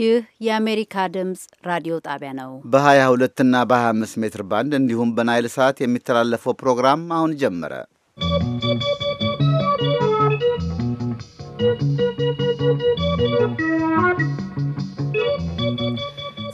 ይህ የአሜሪካ ድምፅ ራዲዮ ጣቢያ ነው። በ22 እና በ25 ሜትር ባንድ እንዲሁም በናይል ሰዓት የሚተላለፈው ፕሮግራም አሁን ጀመረ።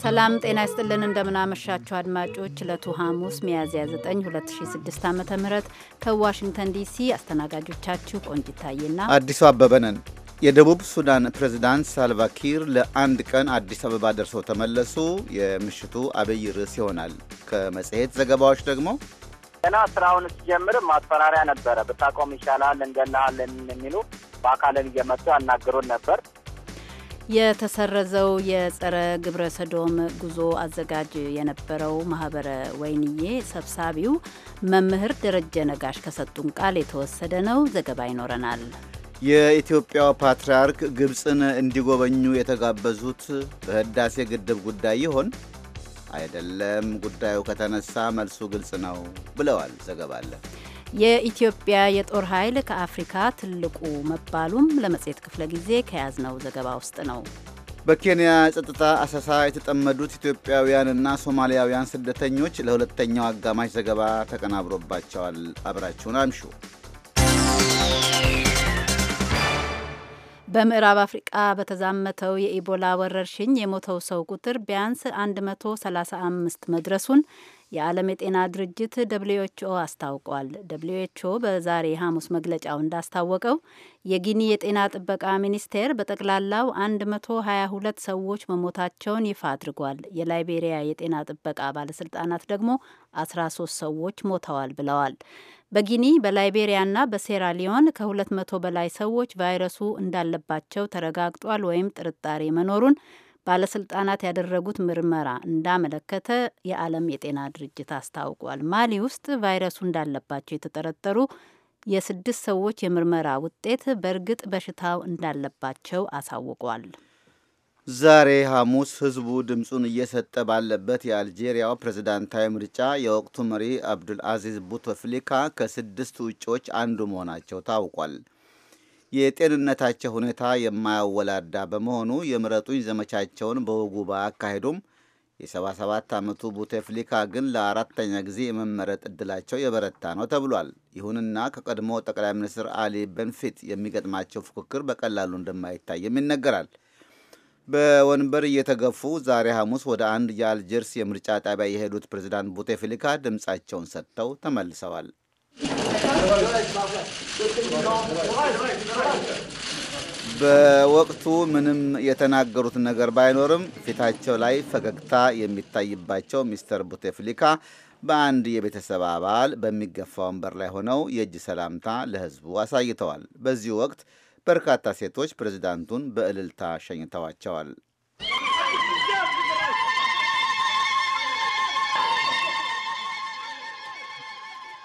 ሰላም ጤና ይስጥልን። እንደምናመሻችሁ አድማጮች ዕለቱ ሐሙስ ሚያዝያ 9 2006 ዓ ም ከዋሽንግተን ዲሲ አስተናጋጆቻችሁ ቆንጅታየና አዲሱ አበበ ነን። የደቡብ ሱዳን ፕሬዝዳንት ሳልቫኪር ለአንድ ቀን አዲስ አበባ ደርሰው ተመለሱ። የምሽቱ አብይ ርዕስ ይሆናል። ከመጽሔት ዘገባዎች ደግሞ ገና ስራውን ስጀምር ማስፈራሪያ ነበረ። ብታቆም ይሻላል፣ እንገላሃለን የሚሉ በአካልን እየመጡ ያናግሩን ነበር። የተሰረዘው የጸረ ግብረ ሰዶም ጉዞ አዘጋጅ የነበረው ማህበረ ወይንዬ ሰብሳቢው መምህር ደረጀ ነጋሽ ከሰጡን ቃል የተወሰደ ነው። ዘገባ ይኖረናል። የኢትዮጵያው ፓትርያርክ ግብፅን እንዲጎበኙ የተጋበዙት በህዳሴ ግድብ ጉዳይ ይሆን? አይደለም፣ ጉዳዩ ከተነሳ መልሱ ግልጽ ነው ብለዋል። ዘገባ አለ። የኢትዮጵያ የጦር ኃይል ከአፍሪካ ትልቁ መባሉም ለመጽሔት ክፍለ ጊዜ ከያዝነው ዘገባ ውስጥ ነው። በኬንያ ጸጥታ አሰሳ የተጠመዱት ኢትዮጵያውያንና ሶማሊያውያን ስደተኞች ለሁለተኛው አጋማሽ ዘገባ ተቀናብሮባቸዋል። አብራችሁን አምሹ። በምዕራብ አፍሪቃ በተዛመተው የኢቦላ ወረርሽኝ የሞተው ሰው ቁጥር ቢያንስ 135 መድረሱን የዓለም የጤና ድርጅት ደብልዩ ኤችኦ አስታውቋል። ደብልዩ ኤችኦ በዛሬ ሐሙስ መግለጫው እንዳስታወቀው የጊኒ የጤና ጥበቃ ሚኒስቴር በጠቅላላው 122 ሰዎች መሞታቸውን ይፋ አድርጓል። የላይቤሪያ የጤና ጥበቃ ባለስልጣናት ደግሞ 13 ሰዎች ሞተዋል ብለዋል። በጊኒ በላይቤሪያና በሴራሊዮን ከ200 በላይ ሰዎች ቫይረሱ እንዳለባቸው ተረጋግጧል ወይም ጥርጣሬ መኖሩን ባለስልጣናት ያደረጉት ምርመራ እንዳመለከተ የዓለም የጤና ድርጅት አስታውቋል። ማሊ ውስጥ ቫይረሱ እንዳለባቸው የተጠረጠሩ የስድስት ሰዎች የምርመራ ውጤት በእርግጥ በሽታው እንዳለባቸው አሳውቋል። ዛሬ ሐሙስ ህዝቡ ድምፁን እየሰጠ ባለበት የአልጄሪያው ፕሬዝዳንታዊ ምርጫ የወቅቱ መሪ አብዱል አዚዝ ቡተፍሊካ ከስድስት እጩዎች አንዱ መሆናቸው ታውቋል። የጤንነታቸው ሁኔታ የማያወላዳ በመሆኑ የምረጡኝ ዘመቻቸውን በወጉ ባያካሄዱም የ77 ዓመቱ ቡቴፍሊካ ግን ለአራተኛ ጊዜ የመመረጥ እድላቸው የበረታ ነው ተብሏል። ይሁንና ከቀድሞ ጠቅላይ ሚኒስትር አሊ በንፊት የሚገጥማቸው ፉክክር በቀላሉ እንደማይታይም ይነገራል። በወንበር እየተገፉ ዛሬ ሐሙስ ወደ አንድ የአልጀርስ የምርጫ ጣቢያ የሄዱት ፕሬዚዳንት ቡቴፍሊካ ድምፃቸውን ሰጥተው ተመልሰዋል። በወቅቱ ምንም የተናገሩት ነገር ባይኖርም ፊታቸው ላይ ፈገግታ የሚታይባቸው ሚስተር ቡቴፍሊካ በአንድ የቤተሰብ አባል በሚገፋ ወንበር ላይ ሆነው የእጅ ሰላምታ ለሕዝቡ አሳይተዋል። በዚህ ወቅት በርካታ ሴቶች ፕሬዚዳንቱን በእልልታ ሸኝተዋቸዋል።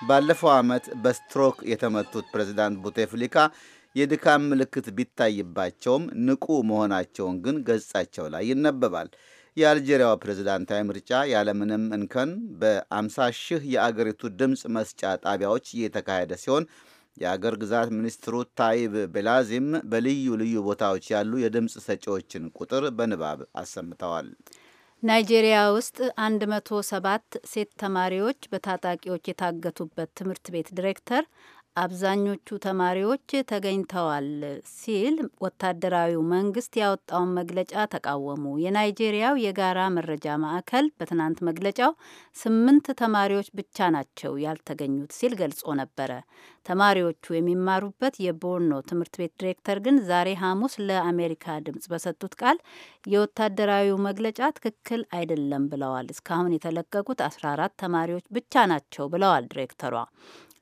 ባለፈው ዓመት በስትሮክ የተመቱት ፕሬዚዳንት ቡቴፍሊካ የድካም ምልክት ቢታይባቸውም ንቁ መሆናቸውን ግን ገጻቸው ላይ ይነበባል። የአልጄሪያው ፕሬዝዳንታዊ ምርጫ ያለምንም እንከን በ50 ሺህ የአገሪቱ ድምፅ መስጫ ጣቢያዎች እየተካሄደ ሲሆን የአገር ግዛት ሚኒስትሩ ታይብ ቤላዚም በልዩ ልዩ ቦታዎች ያሉ የድምፅ ሰጪዎችን ቁጥር በንባብ አሰምተዋል። ናይጄሪያ ውስጥ 107 ሴት ተማሪዎች በታጣቂዎች የታገቱበት ትምህርት ቤት ዲሬክተር አብዛኞቹ ተማሪዎች ተገኝተዋል ሲል ወታደራዊው መንግስት ያወጣውን መግለጫ ተቃወሙ። የናይጄሪያው የጋራ መረጃ ማዕከል በትናንት መግለጫው ስምንት ተማሪዎች ብቻ ናቸው ያልተገኙት ሲል ገልጾ ነበረ። ተማሪዎቹ የሚማሩበት የቦርኖ ትምህርት ቤት ዲሬክተር ግን ዛሬ ሐሙስ ለአሜሪካ ድምጽ በሰጡት ቃል የወታደራዊው መግለጫ ትክክል አይደለም ብለዋል። እስካሁን የተለቀቁት አስራ አራት ተማሪዎች ብቻ ናቸው ብለዋል ዲሬክተሯ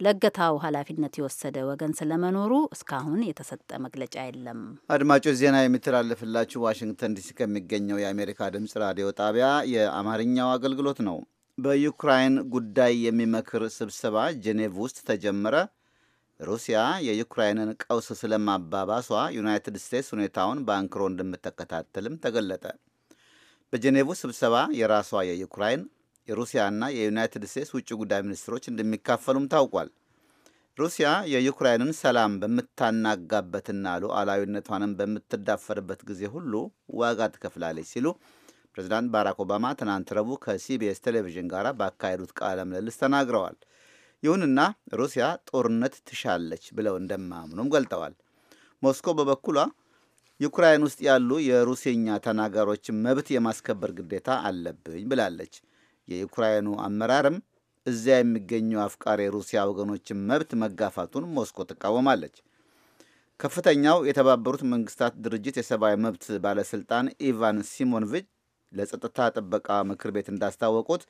ለገታው ኃላፊነት የወሰደ ወገን ስለመኖሩ እስካሁን የተሰጠ መግለጫ የለም። አድማጮች፣ ዜና የሚተላለፍላችሁ ዋሽንግተን ዲሲ ከሚገኘው የአሜሪካ ድምፅ ራዲዮ ጣቢያ የአማርኛው አገልግሎት ነው። በዩክራይን ጉዳይ የሚመክር ስብሰባ ጄኔቭ ውስጥ ተጀመረ። ሩሲያ የዩክራይንን ቀውስ ስለማባባሷ ዩናይትድ ስቴትስ ሁኔታውን በአንክሮ እንደምትከታተልም ተገለጠ። በጄኔቭ ስብሰባ የራሷ የዩክራይን የሩሲያና የዩናይትድ ስቴትስ ውጭ ጉዳይ ሚኒስትሮች እንደሚካፈሉም ታውቋል። ሩሲያ የዩክራይንን ሰላም በምታናጋበትና ሉዓላዊነቷንም በምትዳፈርበት ጊዜ ሁሉ ዋጋ ትከፍላለች ሲሉ ፕሬዚዳንት ባራክ ኦባማ ትናንት ረቡዕ ከሲቢኤስ ቴሌቪዥን ጋር ባካሄዱት ቃለ ምልልስ ተናግረዋል። ይሁንና ሩሲያ ጦርነት ትሻለች ብለው እንደማያምኑም ገልጠዋል። ሞስኮ በበኩሏ ዩክራይን ውስጥ ያሉ የሩሲኛ ተናጋሪዎችን መብት የማስከበር ግዴታ አለብኝ ብላለች። የዩክራይኑ አመራርም እዚያ የሚገኙ አፍቃሪ ሩሲያ ወገኖችን መብት መጋፋቱን ሞስኮ ትቃወማለች። ከፍተኛው የተባበሩት መንግስታት ድርጅት የሰብአዊ መብት ባለስልጣን ኢቫን ሲሞኖቪች ለጸጥታ ጥበቃ ምክር ቤት እንዳስታወቁት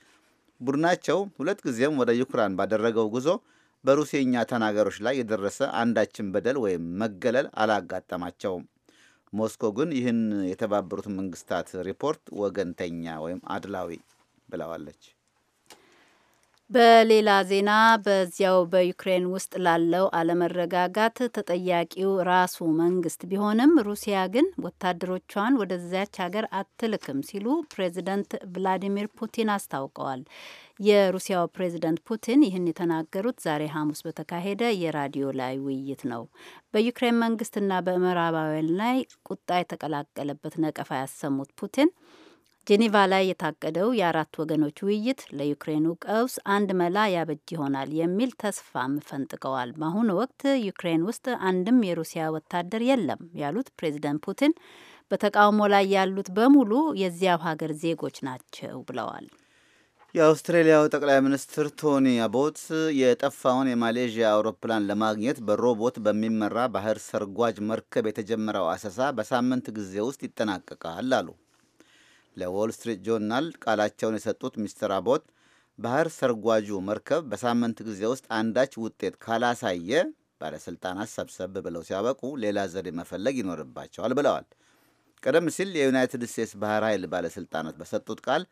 ቡድናቸው ሁለት ጊዜም ወደ ዩክራይን ባደረገው ጉዞ በሩሲኛ ተናጋሪዎች ላይ የደረሰ አንዳችን በደል ወይም መገለል አላጋጠማቸውም። ሞስኮ ግን ይህን የተባበሩት መንግስታት ሪፖርት ወገንተኛ ወይም አድላዊ ብለዋለች። በሌላ ዜና በዚያው በዩክሬን ውስጥ ላለው አለመረጋጋት ተጠያቂው ራሱ መንግስት ቢሆንም ሩሲያ ግን ወታደሮቿን ወደዚያች ሀገር አትልክም ሲሉ ፕሬዚደንት ቭላዲሚር ፑቲን አስታውቀዋል። የሩሲያው ፕሬዚደንት ፑቲን ይህን የተናገሩት ዛሬ ሐሙስ በተካሄደ የራዲዮ ላይ ውይይት ነው። በዩክሬን መንግስትና በምዕራባውያን ላይ ቁጣ የተቀላቀለበት ነቀፋ ያሰሙት ፑቲን ጄኔቫ ላይ የታቀደው የአራት ወገኖች ውይይት ለዩክሬኑ ቀውስ አንድ መላ ያበጅ ይሆናል የሚል ተስፋም ፈንጥቀዋል። በአሁኑ ወቅት ዩክሬን ውስጥ አንድም የሩሲያ ወታደር የለም ያሉት ፕሬዚደንት ፑቲን በተቃውሞ ላይ ያሉት በሙሉ የዚያው ሀገር ዜጎች ናቸው ብለዋል። የአውስትሬሊያው ጠቅላይ ሚኒስትር ቶኒ አቦት የጠፋውን የማሌዥያ አውሮፕላን ለማግኘት በሮቦት በሚመራ ባህር ሰርጓጅ መርከብ የተጀመረው አሰሳ በሳምንት ጊዜ ውስጥ ይጠናቀቃል አሉ። ለዎል ስትሪት ጆርናል ቃላቸውን የሰጡት ሚስተር አቦት ባህር ሰርጓጁ መርከብ በሳምንት ጊዜ ውስጥ አንዳች ውጤት ካላሳየ ባለሥልጣናት ሰብሰብ ብለው ሲያበቁ ሌላ ዘዴ መፈለግ ይኖርባቸዋል ብለዋል። ቀደም ሲል የዩናይትድ ስቴትስ ባህር ኃይል ባለሥልጣናት በሰጡት ቃል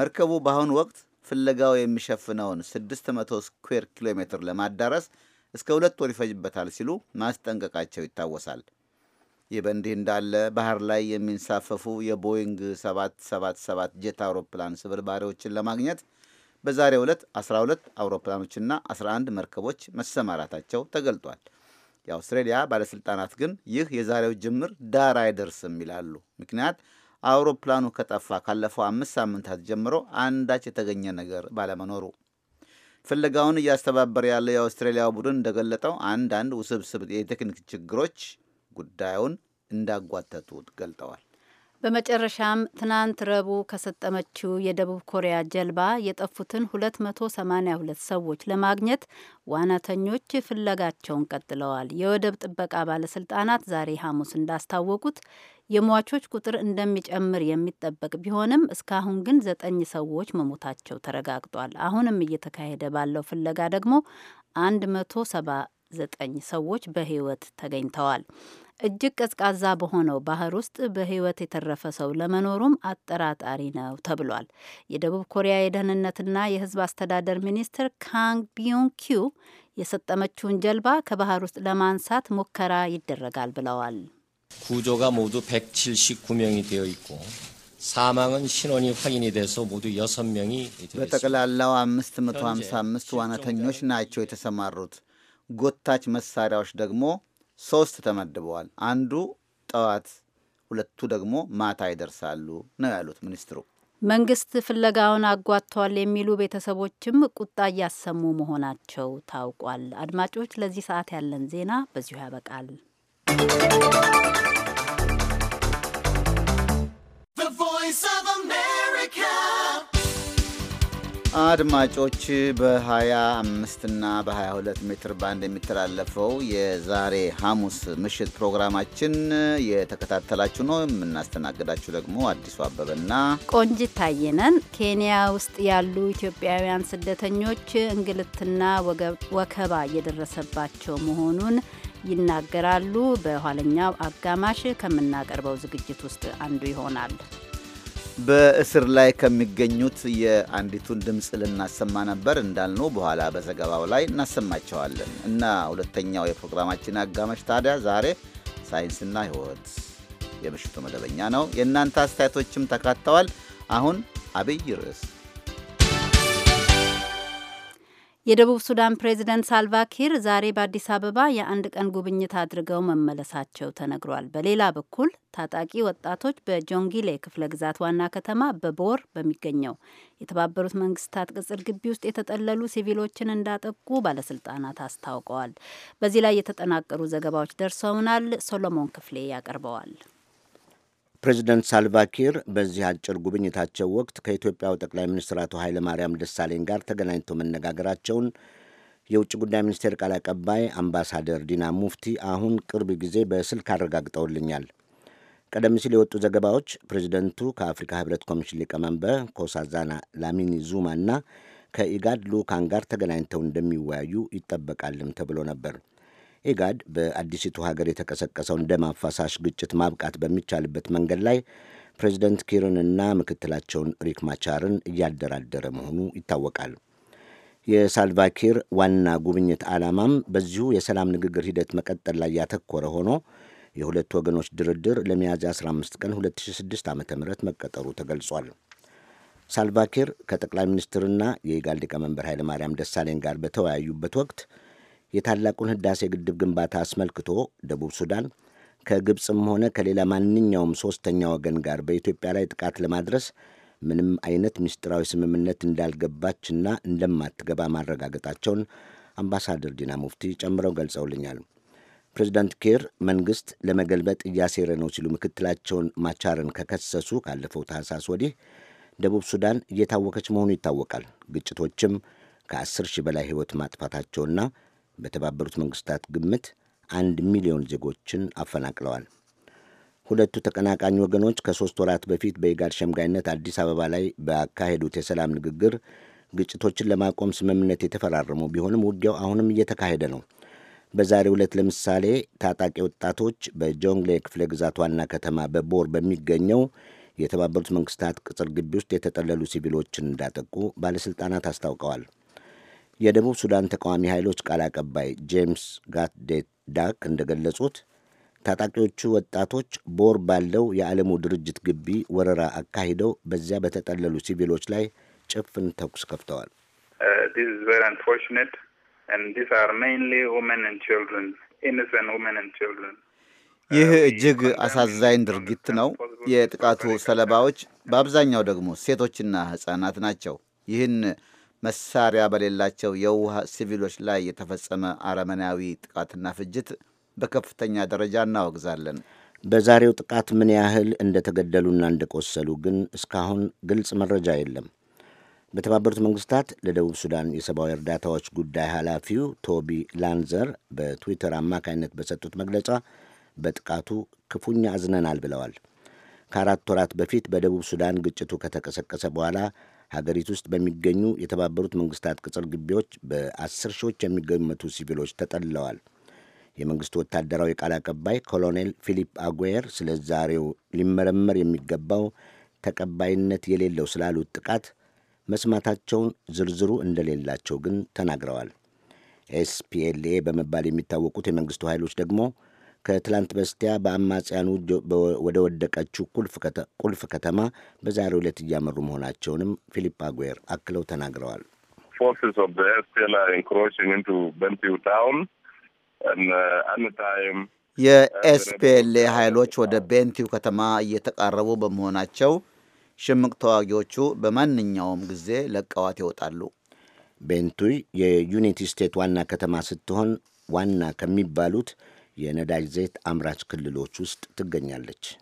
መርከቡ በአሁኑ ወቅት ፍለጋው የሚሸፍነውን 600 ስኩዌር ኪሎ ሜትር ለማዳረስ እስከ ሁለት ወር ይፈጅበታል ሲሉ ማስጠንቀቃቸው ይታወሳል። ይህ በእንዲህ እንዳለ ባህር ላይ የሚንሳፈፉ የቦይንግ 777 ጀት አውሮፕላን ስብርባሪዎችን ለማግኘት በዛሬ ዕለት 12 አውሮፕላኖችና 11 መርከቦች መሰማራታቸው ተገልጧል። የአውስትሬሊያ ባለሥልጣናት ግን ይህ የዛሬው ጅምር ዳር አይደርስም ይላሉ። ምክንያት አውሮፕላኑ ከጠፋ ካለፈው አምስት ሳምንታት ጀምሮ አንዳች የተገኘ ነገር ባለመኖሩ ፍለጋውን እያስተባበረ ያለው የአውስትሬሊያ ቡድን እንደገለጠው አንዳንድ ውስብስብ የቴክኒክ ችግሮች ጉዳዩን እንዳጓተቱት ገልጠዋል። በመጨረሻም ትናንት ረቡዕ ከሰጠመችው የደቡብ ኮሪያ ጀልባ የጠፉትን 282 ሰዎች ለማግኘት ዋናተኞች ፍለጋቸውን ቀጥለዋል። የወደብ ጥበቃ ባለስልጣናት ዛሬ ሐሙስ እንዳስታወቁት የሟቾች ቁጥር እንደሚጨምር የሚጠበቅ ቢሆንም እስካሁን ግን ዘጠኝ ሰዎች መሞታቸው ተረጋግጧል። አሁንም እየተካሄደ ባለው ፍለጋ ደግሞ 179 ሰዎች በሕይወት ተገኝተዋል። እጅግ ቀዝቃዛ በሆነው ባህር ውስጥ በህይወት የተረፈ ሰው ለመኖሩም አጠራጣሪ ነው ተብሏል። የደቡብ ኮሪያ የደህንነትና የህዝብ አስተዳደር ሚኒስትር ካንግ ቢዮን ኪዩ የሰጠመችውን ጀልባ ከባህር ውስጥ ለማንሳት ሙከራ ይደረጋል ብለዋል። 구조가 모두 179명이 되어 있고 사망은 신원이 확인이 돼서 모두 6명이 በጠቅላላው 555 ዋናተኞች ናቸው የተሰማሩት። ጎታች መሳሪያዎች ደግሞ ሶስት ተመድበዋል። አንዱ ጠዋት፣ ሁለቱ ደግሞ ማታ ይደርሳሉ ነው ያሉት ሚኒስትሩ። መንግስት ፍለጋውን አጓቷል የሚሉ ቤተሰቦችም ቁጣ እያሰሙ መሆናቸው ታውቋል። አድማጮች፣ ለዚህ ሰዓት ያለን ዜና በዚሁ ያበቃል። ቮይስ ኦፍ አሜሪካ አድማጮች በ25 እና በ22 ሜትር ባንድ የሚተላለፈው የዛሬ ሐሙስ ምሽት ፕሮግራማችን የተከታተላችሁ ነው። የምናስተናግዳችሁ ደግሞ አዲሱ አበበና ቆንጅ ታየነን። ኬንያ ውስጥ ያሉ ኢትዮጵያውያን ስደተኞች እንግልትና ወከባ እየደረሰባቸው መሆኑን ይናገራሉ። በኋለኛው አጋማሽ ከምናቀርበው ዝግጅት ውስጥ አንዱ ይሆናል። በእስር ላይ ከሚገኙት የአንዲቱን ድምፅ ልናሰማ ነበር እንዳልነው በኋላ በዘገባው ላይ እናሰማቸዋለን። እና ሁለተኛው የፕሮግራማችን አጋማሽ ታዲያ ዛሬ ሳይንስና ሕይወት የምሽቱ መደበኛ ነው። የእናንተ አስተያየቶችም ተካተዋል። አሁን አብይ ርዕስ የደቡብ ሱዳን ፕሬዚደንት ሳልቫኪር ዛሬ በአዲስ አበባ የአንድ ቀን ጉብኝት አድርገው መመለሳቸው ተነግሯል። በሌላ በኩል ታጣቂ ወጣቶች በጆንጊሌ ክፍለ ግዛት ዋና ከተማ በቦር በሚገኘው የተባበሩት መንግስታት ቅጽር ግቢ ውስጥ የተጠለሉ ሲቪሎችን እንዳጠቁ ባለስልጣናት አስታውቀዋል። በዚህ ላይ የተጠናቀሩ ዘገባዎች ደርሰውናል። ሶሎሞን ክፍሌ ያቀርበዋል። ፕሬዚደንት ሳልቫኪር በዚህ አጭር ጉብኝታቸው ወቅት ከኢትዮጵያው ጠቅላይ ሚኒስትር አቶ ኃይለማርያም ደሳለኝ ጋር ተገናኝቶ መነጋገራቸውን የውጭ ጉዳይ ሚኒስቴር ቃል አቀባይ አምባሳደር ዲና ሙፍቲ አሁን ቅርብ ጊዜ በስልክ አረጋግጠውልኛል። ቀደም ሲል የወጡ ዘገባዎች ፕሬዚደንቱ ከአፍሪካ ህብረት ኮሚሽን ሊቀመንበር ኮሳዛና ላሚኒ ዙማ እና ከኢጋድ ልኡካን ጋር ተገናኝተው እንደሚወያዩ ይጠበቃልም ተብሎ ነበር። ኢጋድ በአዲሲቱ ሀገር የተቀሰቀሰውን ደም አፋሳሽ ግጭት ማብቃት በሚቻልበት መንገድ ላይ ፕሬዚደንት ኪርንና ምክትላቸውን ሪክ ማቻርን እያደራደረ መሆኑ ይታወቃል። የሳልቫኪር ዋና ጉብኝት ዓላማም በዚሁ የሰላም ንግግር ሂደት መቀጠል ላይ ያተኮረ ሆኖ የሁለቱ ወገኖች ድርድር ለሚያዝያ 15 ቀን 2006 ዓ ም መቀጠሩ ተገልጿል። ሳልቫኪር ከጠቅላይ ሚኒስትርና የኢጋድ ሊቀመንበር ኃይለማርያም ደሳለኝ ጋር በተወያዩበት ወቅት የታላቁን ህዳሴ ግድብ ግንባታ አስመልክቶ ደቡብ ሱዳን ከግብፅም ሆነ ከሌላ ማንኛውም ሦስተኛ ወገን ጋር በኢትዮጵያ ላይ ጥቃት ለማድረስ ምንም አይነት ምስጢራዊ ስምምነት እንዳልገባችና እንደማትገባ ማረጋገጣቸውን አምባሳደር ዲና ሙፍቲ ጨምረው ገልጸውልኛል። ፕሬዚዳንት ኬር መንግሥት ለመገልበጥ እያሴረ ነው ሲሉ ምክትላቸውን ማቻርን ከከሰሱ ካለፈው ታህሳስ ወዲህ ደቡብ ሱዳን እየታወከች መሆኑ ይታወቃል። ግጭቶችም ከአስር ሺህ በላይ ሕይወት ማጥፋታቸውና በተባበሩት መንግስታት ግምት አንድ ሚሊዮን ዜጎችን አፈናቅለዋል። ሁለቱ ተቀናቃኝ ወገኖች ከሦስት ወራት በፊት በኢጋድ ሸምጋይነት አዲስ አበባ ላይ ባካሄዱት የሰላም ንግግር ግጭቶችን ለማቆም ስምምነት የተፈራረሙ ቢሆንም ውጊያው አሁንም እየተካሄደ ነው። በዛሬ ዕለት ለምሳሌ ታጣቂ ወጣቶች በጆንግሌ ክፍለ ግዛት ዋና ከተማ በቦር በሚገኘው የተባበሩት መንግስታት ቅጽር ግቢ ውስጥ የተጠለሉ ሲቪሎችን እንዳጠቁ ባለሥልጣናት አስታውቀዋል። የደቡብ ሱዳን ተቃዋሚ ኃይሎች ቃል አቀባይ ጄምስ ጋትዴት ዳክ እንደገለጹት ታጣቂዎቹ ወጣቶች ቦር ባለው የዓለሙ ድርጅት ግቢ ወረራ አካሂደው በዚያ በተጠለሉ ሲቪሎች ላይ ጭፍን ተኩስ ከፍተዋል። uh, ይህ uh, እጅግ አሳዛኝ ድርጊት ነው። የጥቃቱ ሰለባዎች በአብዛኛው ደግሞ ሴቶችና ሕፃናት ናቸው። ይህን መሳሪያ በሌላቸው የውሃ ሲቪሎች ላይ የተፈጸመ አረመናዊ ጥቃትና ፍጅት በከፍተኛ ደረጃ እናወግዛለን። በዛሬው ጥቃት ምን ያህል እንደተገደሉና እንደቆሰሉ ግን እስካሁን ግልጽ መረጃ የለም። በተባበሩት መንግስታት ለደቡብ ሱዳን የሰብአዊ እርዳታዎች ጉዳይ ኃላፊው ቶቢ ላንዘር በትዊተር አማካኝነት በሰጡት መግለጫ በጥቃቱ ክፉኛ አዝነናል ብለዋል። ከአራት ወራት በፊት በደቡብ ሱዳን ግጭቱ ከተቀሰቀሰ በኋላ ሀገሪቱ ውስጥ በሚገኙ የተባበሩት መንግስታት ቅጽር ግቢዎች በአስር ሺዎች የሚገመቱ ሲቪሎች ተጠልለዋል። የመንግስቱ ወታደራዊ ቃል አቀባይ ኮሎኔል ፊሊፕ አጉየር ስለ ዛሬው ሊመረመር የሚገባው ተቀባይነት የሌለው ስላሉት ጥቃት መስማታቸውን ዝርዝሩ እንደሌላቸው ግን ተናግረዋል። ኤስፒኤልኤ በመባል የሚታወቁት የመንግስቱ ኃይሎች ደግሞ ከትላንት በስቲያ በአማጽያኑ ወደ ወደቀችው ቁልፍ ከተማ በዛሬው ዕለት እያመሩ መሆናቸውንም ፊሊፕ አጉዌር አክለው ተናግረዋል። uh, የኤስፒኤልኤ ኃይሎች ወደ ቤንቲው ከተማ እየተቃረቡ በመሆናቸው ሽምቅ ተዋጊዎቹ በማንኛውም ጊዜ ለቀዋት ይወጣሉ። ቤንቱይ የዩናይትድ ስቴትስ ዋና ከተማ ስትሆን ዋና ከሚባሉት የነዳጅ ዘይት አምራች ክልሎች ውስጥ ትገኛለች።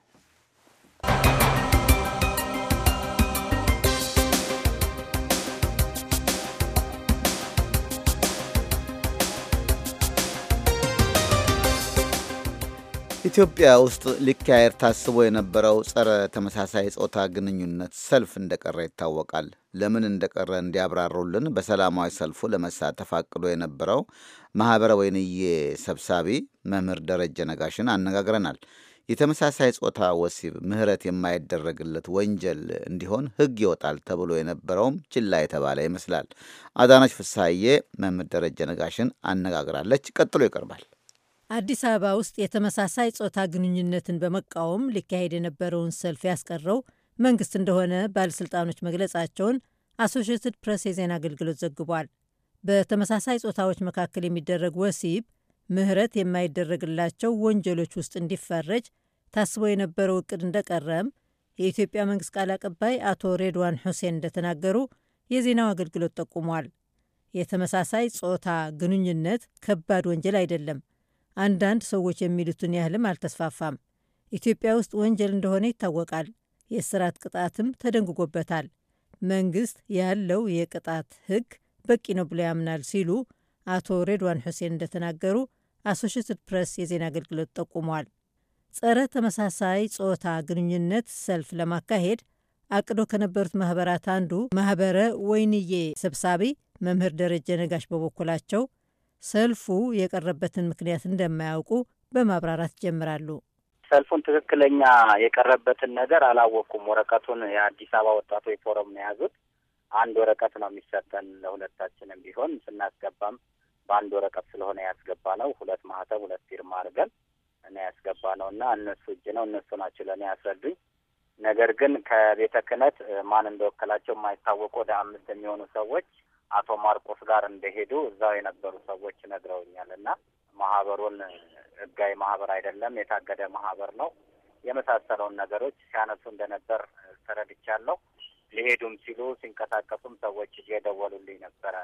ኢትዮጵያ ውስጥ ሊካሄድ ታስቦ የነበረው ጸረ ተመሳሳይ ጾታ ግንኙነት ሰልፍ እንደቀረ ይታወቃል። ለምን እንደቀረ እንዲያብራሩልን በሰላማዊ ሰልፉ ለመሳተፍ አቅዶ የነበረው ማህበረ ወይንዬ ሰብሳቢ መምህር ደረጀ ነጋሽን አነጋግረናል። የተመሳሳይ ጾታ ወሲብ ምህረት የማይደረግለት ወንጀል እንዲሆን ሕግ ይወጣል ተብሎ የነበረውም ችላ የተባለ ይመስላል። አዳነች ፍሳዬ መምህር ደረጀ ነጋሽን አነጋግራለች። ቀጥሎ ይቀርባል። አዲስ አበባ ውስጥ የተመሳሳይ ጾታ ግንኙነትን በመቃወም ሊካሄድ የነበረውን ሰልፍ ያስቀረው መንግስት እንደሆነ ባለሥልጣኖች መግለጻቸውን አሶሽትድ ፕሬስ የዜና አገልግሎት ዘግቧል። በተመሳሳይ ጾታዎች መካከል የሚደረግ ወሲብ ምህረት የማይደረግላቸው ወንጀሎች ውስጥ እንዲፈረጅ ታስቦ የነበረው እቅድ እንደቀረም የኢትዮጵያ መንግስት ቃል አቀባይ አቶ ሬድዋን ሁሴን እንደተናገሩ የዜናው አገልግሎት ጠቁሟል። የተመሳሳይ ጾታ ግንኙነት ከባድ ወንጀል አይደለም አንዳንድ ሰዎች የሚሉትን ያህልም አልተስፋፋም። ኢትዮጵያ ውስጥ ወንጀል እንደሆነ ይታወቃል። የእስራት ቅጣትም ተደንግጎበታል። መንግስት ያለው የቅጣት ህግ በቂ ነው ብሎ ያምናል ሲሉ አቶ ሬድዋን ሁሴን እንደተናገሩ አሶሽትድ ፕሬስ የዜና አገልግሎት ጠቁሟል። ጸረ ተመሳሳይ ጾታ ግንኙነት ሰልፍ ለማካሄድ አቅዶ ከነበሩት ማህበራት አንዱ ማህበረ ወይንዬ ሰብሳቢ መምህር ደረጀ ነጋሽ በበኩላቸው ሰልፉ የቀረበትን ምክንያት እንደማያውቁ በማብራራት ጀምራሉ። ሰልፉን ትክክለኛ የቀረበትን ነገር አላወቅኩም። ወረቀቱን የአዲስ አበባ ወጣቶች ፎረም ነው የያዙት። አንድ ወረቀት ነው የሚሰጠን ለሁለታችንም ቢሆን ስናስገባም በአንድ ወረቀት ስለሆነ ያስገባ ነው። ሁለት ማህተብ ሁለት ፊርማ አድርገን እና ያስገባ ነው እና እነሱ እጅ ነው እነሱ ናቸው ለእኔ ያስረዱኝ። ነገር ግን ከቤተ ክህነት ማን እንደወከላቸው የማይታወቁ ወደ አምስት የሚሆኑ ሰዎች አቶ ማርቆስ ጋር እንደሄዱ እዛው የነበሩ ሰዎች ነግረውኛል። እና ማህበሩን ህጋዊ ማህበር አይደለም፣ የታገደ ማህበር ነው የመሳሰለውን ነገሮች ሲያነሱ እንደነበር ተረድቻለሁ። ሊሄዱም ሲሉ ሲንቀሳቀሱም ሰዎች እየደወሉልኝ ነበረ።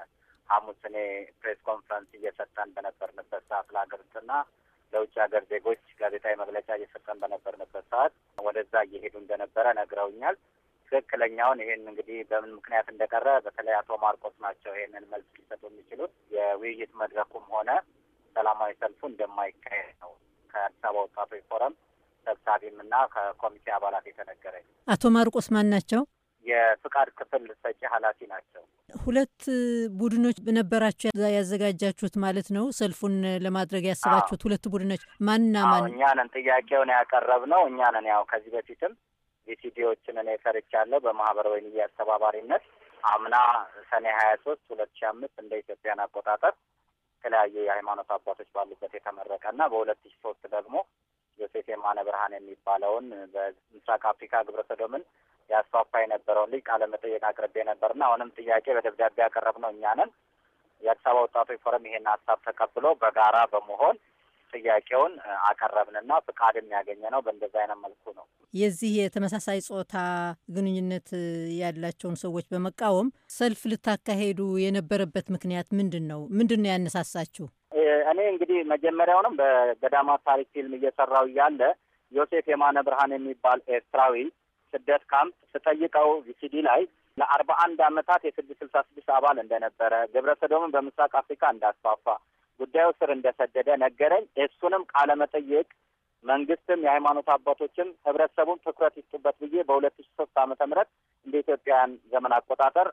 ሐሙስ እኔ ፕሬስ ኮንፈረንስ እየሰጠን በነበርንበት ሰዓት ለሀገርና ለውጭ ሀገር ዜጎች ጋዜጣዊ መግለጫ እየሰጠን በነበርንበት ሰዓት ወደዛ እየሄዱ እንደነበረ ነግረውኛል። ትክክለኛውን ይሄን እንግዲህ በምን ምክንያት እንደቀረ በተለይ አቶ ማርቆስ ናቸው ይሄንን መልስ ሊሰጡ የሚችሉት። የውይይት መድረኩም ሆነ ሰላማዊ ሰልፉ እንደማይካሄድ ነው ከአዲስ አበባ ወጣቶች ፎረም ሰብሳቢም እና ከኮሚቴ አባላት የተነገረ። አቶ ማርቆስ ማን ናቸው? የፍቃድ ክፍል ሰጪ ኃላፊ ናቸው። ሁለት ቡድኖች ነበራችሁ ያዘጋጃችሁት ማለት ነው። ሰልፉን ለማድረግ ያስባችሁት ሁለት ቡድኖች ማንና ማን? እኛ ነን ጥያቄውን ያቀረብነው እኛ ነን። ያው ከዚህ በፊትም የሲዲዎችን እኔ ሰርቻለሁ በማህበራዊ ሚዲያ አስተባባሪነት አምና ሰኔ ሀያ ሶስት ሁለት ሺ አምስት እንደ ኢትዮጵያን አቆጣጠር የተለያዩ የሃይማኖት አባቶች ባሉበት የተመረቀ እና በሁለት ሺ ሶስት ደግሞ ዮሴፍ የማነ ብርሃን የሚባለውን በምስራቅ አፍሪካ ግብረ ሰዶምን ያስፋፋ የነበረውን ልጅ ቃለ መጠየቅ አቅርቤ ነበርና አሁንም ጥያቄ በደብዳቤ ያቀረብ ነው እኛንን የአዲስ አበባ ወጣቶች ፎረም ይሄን ሀሳብ ተቀብሎ በጋራ በመሆን ጥያቄውን አቀረብንና ፍቃድም ያገኘ ነው በእንደዚ አይነት መልኩ ነው። የዚህ የተመሳሳይ ጾታ ግንኙነት ያላቸውን ሰዎች በመቃወም ሰልፍ ልታካሄዱ የነበረበት ምክንያት ምንድን ነው? ምንድን ነው ያነሳሳችሁ? እኔ እንግዲህ መጀመሪያውንም በገዳማት ታሪክ ፊልም እየሰራው እያለ ዮሴፍ የማነ ብርሃን የሚባል ኤርትራዊ ስደት ካምፕ ስጠይቀው ቪሲዲ ላይ ለአርባ አንድ አመታት የስድስት ስልሳ ስድስት አባል እንደነበረ ግብረ ሰዶምን በምስራቅ አፍሪካ እንዳስፋፋ ጉዳዩ ስር እንደሰደደ ነገረኝ። እሱንም ቃለ መጠየቅ መንግስትም የሃይማኖት አባቶችም ህብረተሰቡም ትኩረት ይስጡበት ብዬ በሁለት ሺ ሶስት አመተ ምህረት እንደ ኢትዮጵያውያን ዘመን አቆጣጠር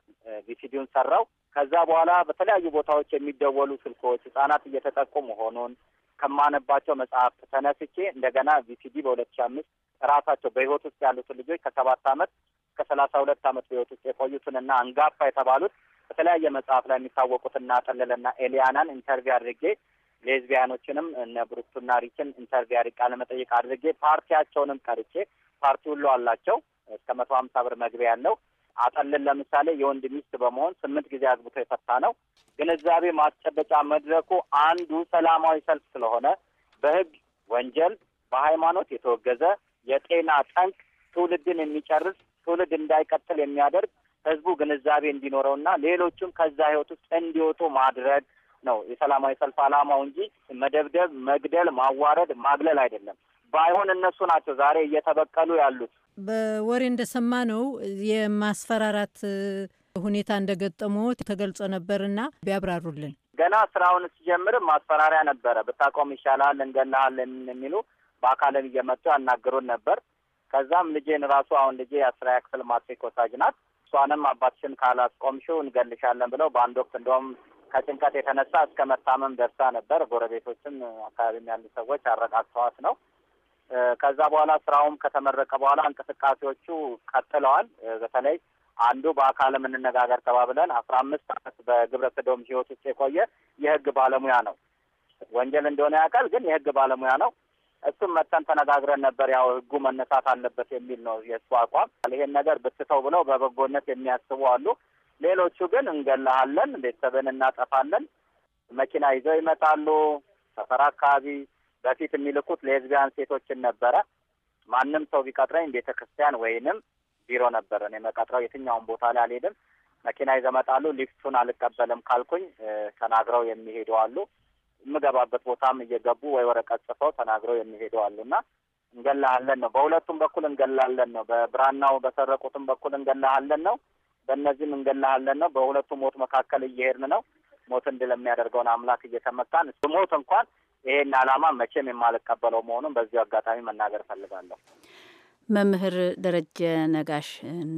ቪሲዲውን ሰራው። ከዛ በኋላ በተለያዩ ቦታዎች የሚደወሉ ስልኮች ህጻናት እየተጠቁ መሆኑን ከማነባቸው መጽሐፍት ተነስቼ እንደገና ቪሲዲ በሁለት ሺ አምስት ራሳቸው በህይወት ውስጥ ያሉትን ልጆች ከሰባት ዓመት እስከ ሰላሳ ሁለት ዓመት በህይወት ውስጥ የቆዩትንና አንጋፋ የተባሉት በተለያየ መጽሐፍ ላይ የሚታወቁትና ጠለለና ኤሊያናን ኢንተርቪው አድርጌ ሌዝቢያኖችንም እነ ብሩክቱና ሪችን ኢንተርቪው አድርጌ ቃለመጠይቅ አድርጌ ፓርቲያቸውንም ቀርቼ ፓርቲ ሁሉ አላቸው እስከ መቶ ሀምሳ ብር መግቢያ ያለው አጠልን ለምሳሌ የወንድ ሚስት በመሆን ስምንት ጊዜ አግብቶ የፈታ ነው። ግንዛቤ ማስጨበጫ መድረኩ አንዱ ሰላማዊ ሰልፍ ስለሆነ በህግ ወንጀል፣ በሃይማኖት የተወገዘ የጤና ጠንቅ ትውልድን የሚጨርስ ትውልድ እንዳይቀጥል የሚያደርግ ህዝቡ ግንዛቤ እንዲኖረውና ሌሎቹም ከዛ ህይወት ውስጥ እንዲወጡ ማድረግ ነው የሰላማዊ ሰልፍ አላማው እንጂ መደብደብ፣ መግደል፣ ማዋረድ፣ ማግለል አይደለም። ባይሆን እነሱ ናቸው ዛሬ እየተበቀሉ ያሉት። በወሬ እንደሰማ ነው የማስፈራራት ሁኔታ እንደገጠሞ ተገልጾ ነበርና ቢያብራሩልን። ገና ስራውን ሲጀምርም ማስፈራሪያ ነበረ። ብታቆም ይሻላል እንገላሃለን የሚሉ በአካልም እየመጡ ያናግሩን ነበር። ከዛም ልጄን ራሱ አሁን ልጄ የአስራ ክፍል ማትሪክ ወሳጅ ናት እሷንም አባትሽን ካላስቆምሽው እንገልሻለን ብለው በአንድ ወቅት እንደውም ከጭንቀት የተነሳ እስከ መታመም ደርሳ ነበር። ጎረቤቶችም አካባቢም ያሉ ሰዎች አረጋግተዋት ነው። ከዛ በኋላ ስራውም ከተመረቀ በኋላ እንቅስቃሴዎቹ ቀጥለዋል። በተለይ አንዱ በአካል የምንነጋገር ተባብለን አስራ አምስት አመት በግብረ ሰዶም ህይወት ውስጥ የቆየ የህግ ባለሙያ ነው። ወንጀል እንደሆነ ያውቃል፣ ግን የህግ ባለሙያ ነው። እሱም መጠን ተነጋግረን ነበር። ያው ህጉ መነሳት አለበት የሚል ነው የእሱ አቋም። ይሄን ነገር ብትተው ብለው በበጎነት የሚያስቡ አሉ። ሌሎቹ ግን እንገላሃለን፣ ቤተሰብን እናጠፋለን፣ መኪና ይዘው ይመጣሉ። ሰፈር አካባቢ በፊት የሚልኩት ለሌዝቢያን ሴቶችን ነበረ። ማንም ሰው ቢቀጥረኝ ቤተ ክርስቲያን ወይንም ቢሮ ነበረ ነው መቀጥረው፣ የትኛውን ቦታ ላይ አልሄድም። መኪና ይዘው ይመጣሉ። ሊፍቱን አልቀበልም ካልኩኝ ተናግረው የሚሄዱ አሉ። የምገባበት ቦታም እየገቡ ወይ ወረቀት ጽፈው ተናግረው የሚሄደው አሉና እንገላሃለን ነው። በሁለቱም በኩል እንገላለን ነው። በብራናው በሰረቁትም በኩል እንገላሃለን ነው። በእነዚህም እንገላሃለን ነው። በሁለቱ ሞት መካከል እየሄድን ነው። ሞት እንድል የሚያደርገውን አምላክ እየተመታን ሞት እንኳን ይሄን ዓላማ መቼም የማልቀበለው መሆኑን በዚሁ አጋጣሚ መናገር ፈልጋለሁ። መምህር ደረጀ ነጋሽ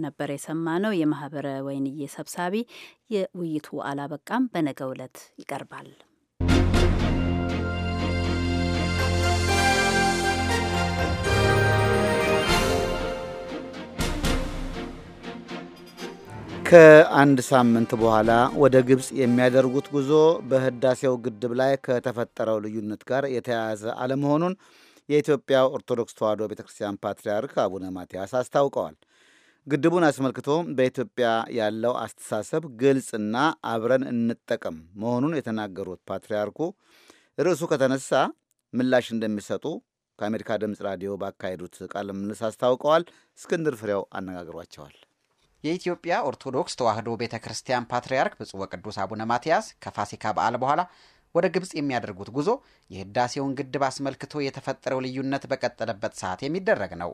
ነበር የሰማ ነው። የማህበረ ወይንዬ ሰብሳቢ። የውይይቱ አላበቃም፣ በነገው ዕለት ይቀርባል። ከአንድ ሳምንት በኋላ ወደ ግብፅ የሚያደርጉት ጉዞ በህዳሴው ግድብ ላይ ከተፈጠረው ልዩነት ጋር የተያያዘ አለመሆኑን የኢትዮጵያ ኦርቶዶክስ ተዋሕዶ ቤተ ክርስቲያን ፓትርያርክ አቡነ ማትያስ አስታውቀዋል። ግድቡን አስመልክቶ በኢትዮጵያ ያለው አስተሳሰብ ግልጽና አብረን እንጠቀም መሆኑን የተናገሩት ፓትርያርኩ ርዕሱ ከተነሳ ምላሽ እንደሚሰጡ ከአሜሪካ ድምፅ ራዲዮ ባካሄዱት ቃለ ምልልስ አስታውቀዋል። እስክንድር ፍሬው አነጋግሯቸዋል። የኢትዮጵያ ኦርቶዶክስ ተዋሕዶ ቤተ ክርስቲያን ፓትርያርክ ብፁዕ ወቅዱስ አቡነ ማትያስ ከፋሲካ በዓል በኋላ ወደ ግብፅ የሚያደርጉት ጉዞ የህዳሴውን ግድብ አስመልክቶ የተፈጠረው ልዩነት በቀጠለበት ሰዓት የሚደረግ ነው።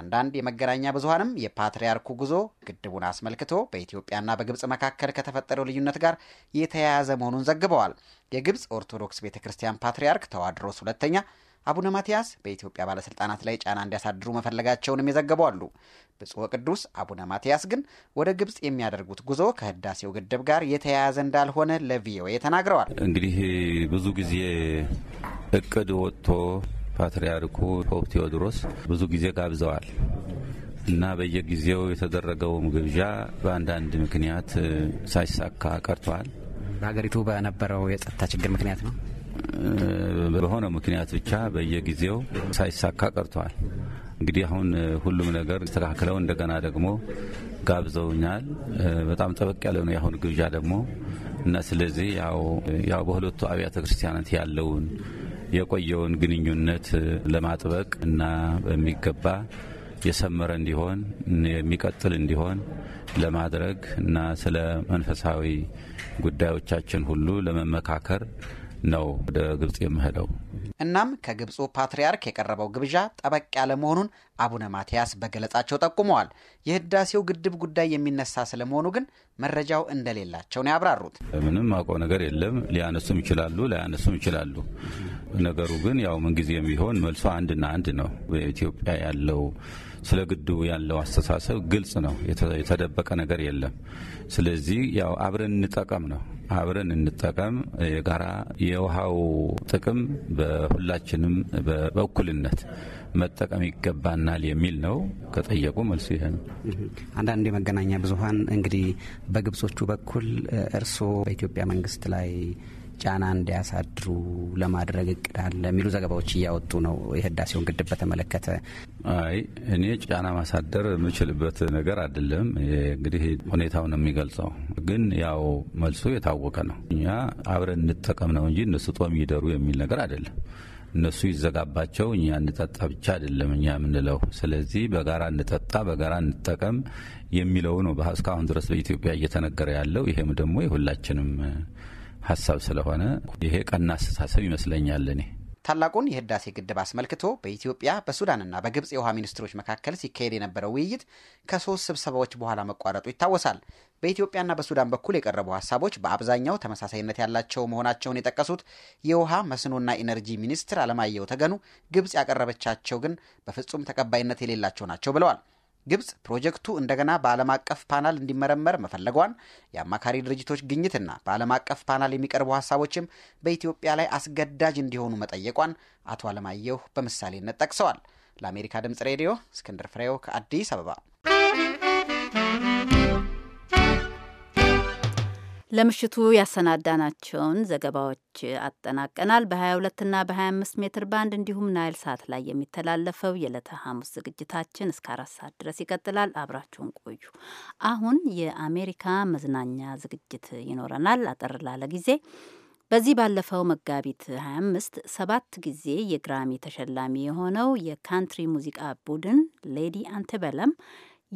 አንዳንድ የመገናኛ ብዙሀንም የፓትርያርኩ ጉዞ ግድቡን አስመልክቶ በኢትዮጵያና በግብፅ መካከል ከተፈጠረው ልዩነት ጋር የተያያዘ መሆኑን ዘግበዋል። የግብፅ ኦርቶዶክስ ቤተ ክርስቲያን ፓትርያርክ ተዋድሮስ ሁለተኛ አቡነ ማትያስ በኢትዮጵያ ባለስልጣናት ላይ ጫና እንዲያሳድሩ መፈለጋቸውንም የዘገቡ አሉ። ብፁዕ ቅዱስ አቡነ ማትያስ ግን ወደ ግብጽ የሚያደርጉት ጉዞ ከህዳሴው ግድብ ጋር የተያያዘ እንዳልሆነ ለቪኦኤ ተናግረዋል። እንግዲህ ብዙ ጊዜ እቅድ ወጥቶ ፓትርያርኩ ፖፕ ቴዎድሮስ ብዙ ጊዜ ጋብዘዋል እና በየጊዜው የተደረገውም ግብዣ በአንዳንድ ምክንያት ሳይሳካ ቀርተዋል። በሀገሪቱ በነበረው የጸጥታ ችግር ምክንያት ነው። በሆነ ምክንያት ብቻ በየጊዜው ሳይሳካ ቀርተዋል። እንግዲህ አሁን ሁሉም ነገር ተካክለው እንደገና ደግሞ ጋብዘውኛል። በጣም ጠበቅ ያለ ነው የአሁን ግብዣ ደግሞ እና ስለዚህ ያው በሁለቱ አብያተ ክርስቲያናት ያለውን የቆየውን ግንኙነት ለማጥበቅ እና በሚገባ የሰመረ እንዲሆን የሚቀጥል እንዲሆን ለማድረግ እና ስለ መንፈሳዊ ጉዳዮቻችን ሁሉ ለመመካከር ነው ወደ ግብፅ የምሄደው። እናም ከግብፁ ፓትርያርክ የቀረበው ግብዣ ጠበቅ ያለ መሆኑን አቡነ ማትያስ በገለጻቸው ጠቁመዋል። የህዳሴው ግድብ ጉዳይ የሚነሳ ስለመሆኑ ግን መረጃው እንደሌላቸው ነው ያብራሩት። ምንም አውቀው ነገር የለም። ሊያነሱም ይችላሉ፣ ላያነሱም ይችላሉ። ነገሩ ግን ያው ምንጊዜም ቢሆን መልሶ አንድና አንድ ነው። በኢትዮጵያ ያለው ስለ ግድቡ ያለው አስተሳሰብ ግልጽ ነው። የተደበቀ ነገር የለም። ስለዚህ ያው አብረን እንጠቀም ነው። አብረን እንጠቀም የጋራ የውሃው ጥቅም በሁላችንም በእኩልነት መጠቀም ይገባናል የሚል ነው። ከጠየቁ መልሱ ይሄ ነው። አንዳንድ የመገናኛ ብዙኃን እንግዲህ በግብጾቹ በኩል እርስዎ በኢትዮጵያ መንግስት ላይ ጫና እንዲያሳድሩ ለማድረግ እቅድ አለ የሚሉ ዘገባዎች እያወጡ ነው። የህዳሴውን ግድብ በተመለከተ አይ እኔ ጫና ማሳደር የምችልበት ነገር አይደለም። እንግዲህ ሁኔታው ነው የሚገልጸው። ግን ያው መልሶ የታወቀ ነው። እኛ አብረን እንጠቀም ነው እንጂ እነሱ ጦም ይደሩ የሚል ነገር አይደለም። እነሱ ይዘጋባቸው እኛ እንጠጣ ብቻ አይደለም እኛ የምንለው። ስለዚህ በጋራ እንጠጣ፣ በጋራ እንጠቀም የሚለው ነው እስካሁን ድረስ በኢትዮጵያ እየተነገረ ያለው። ይሄም ደግሞ የሁላችንም ሀሳብ ስለሆነ ይሄ ቀና አስተሳሰብ ይመስለኛል እኔ ታላቁን የህዳሴ ግድብ አስመልክቶ በኢትዮጵያ በሱዳንና በግብፅ የውሃ ሚኒስትሮች መካከል ሲካሄድ የነበረው ውይይት ከሶስት ስብሰባዎች በኋላ መቋረጡ ይታወሳል። በኢትዮጵያና በሱዳን በኩል የቀረቡ ሀሳቦች በአብዛኛው ተመሳሳይነት ያላቸው መሆናቸውን የጠቀሱት የውሃ መስኖና ኢነርጂ ሚኒስትር አለማየሁ ተገኑ ግብፅ ያቀረበቻቸው ግን በፍጹም ተቀባይነት የሌላቸው ናቸው ብለዋል። ግብጽ ፕሮጀክቱ እንደገና በዓለም አቀፍ ፓናል እንዲመረመር መፈለጓን የአማካሪ ድርጅቶች ግኝትና በዓለም አቀፍ ፓናል የሚቀርቡ ሀሳቦችም በኢትዮጵያ ላይ አስገዳጅ እንዲሆኑ መጠየቋን አቶ አለማየሁ በምሳሌነት ጠቅሰዋል። ለአሜሪካ ድምጽ ሬዲዮ እስክንድር ፍሬው ከአዲስ አበባ ለምሽቱ ያሰናዳናቸውን ዘገባዎች አጠናቀናል። በ22ና በ25 ሜትር ባንድ እንዲሁም ናይል ሳት ላይ የሚተላለፈው የዕለተ ሐሙስ ዝግጅታችን እስከ አራት ሰዓት ድረስ ይቀጥላል። አብራችሁን ቆዩ። አሁን የአሜሪካ መዝናኛ ዝግጅት ይኖረናል። አጠር ላለ ጊዜ በዚህ ባለፈው መጋቢት 25 ሰባት ጊዜ የግራሚ ተሸላሚ የሆነው የካንትሪ ሙዚቃ ቡድን ሌዲ አንቴበለም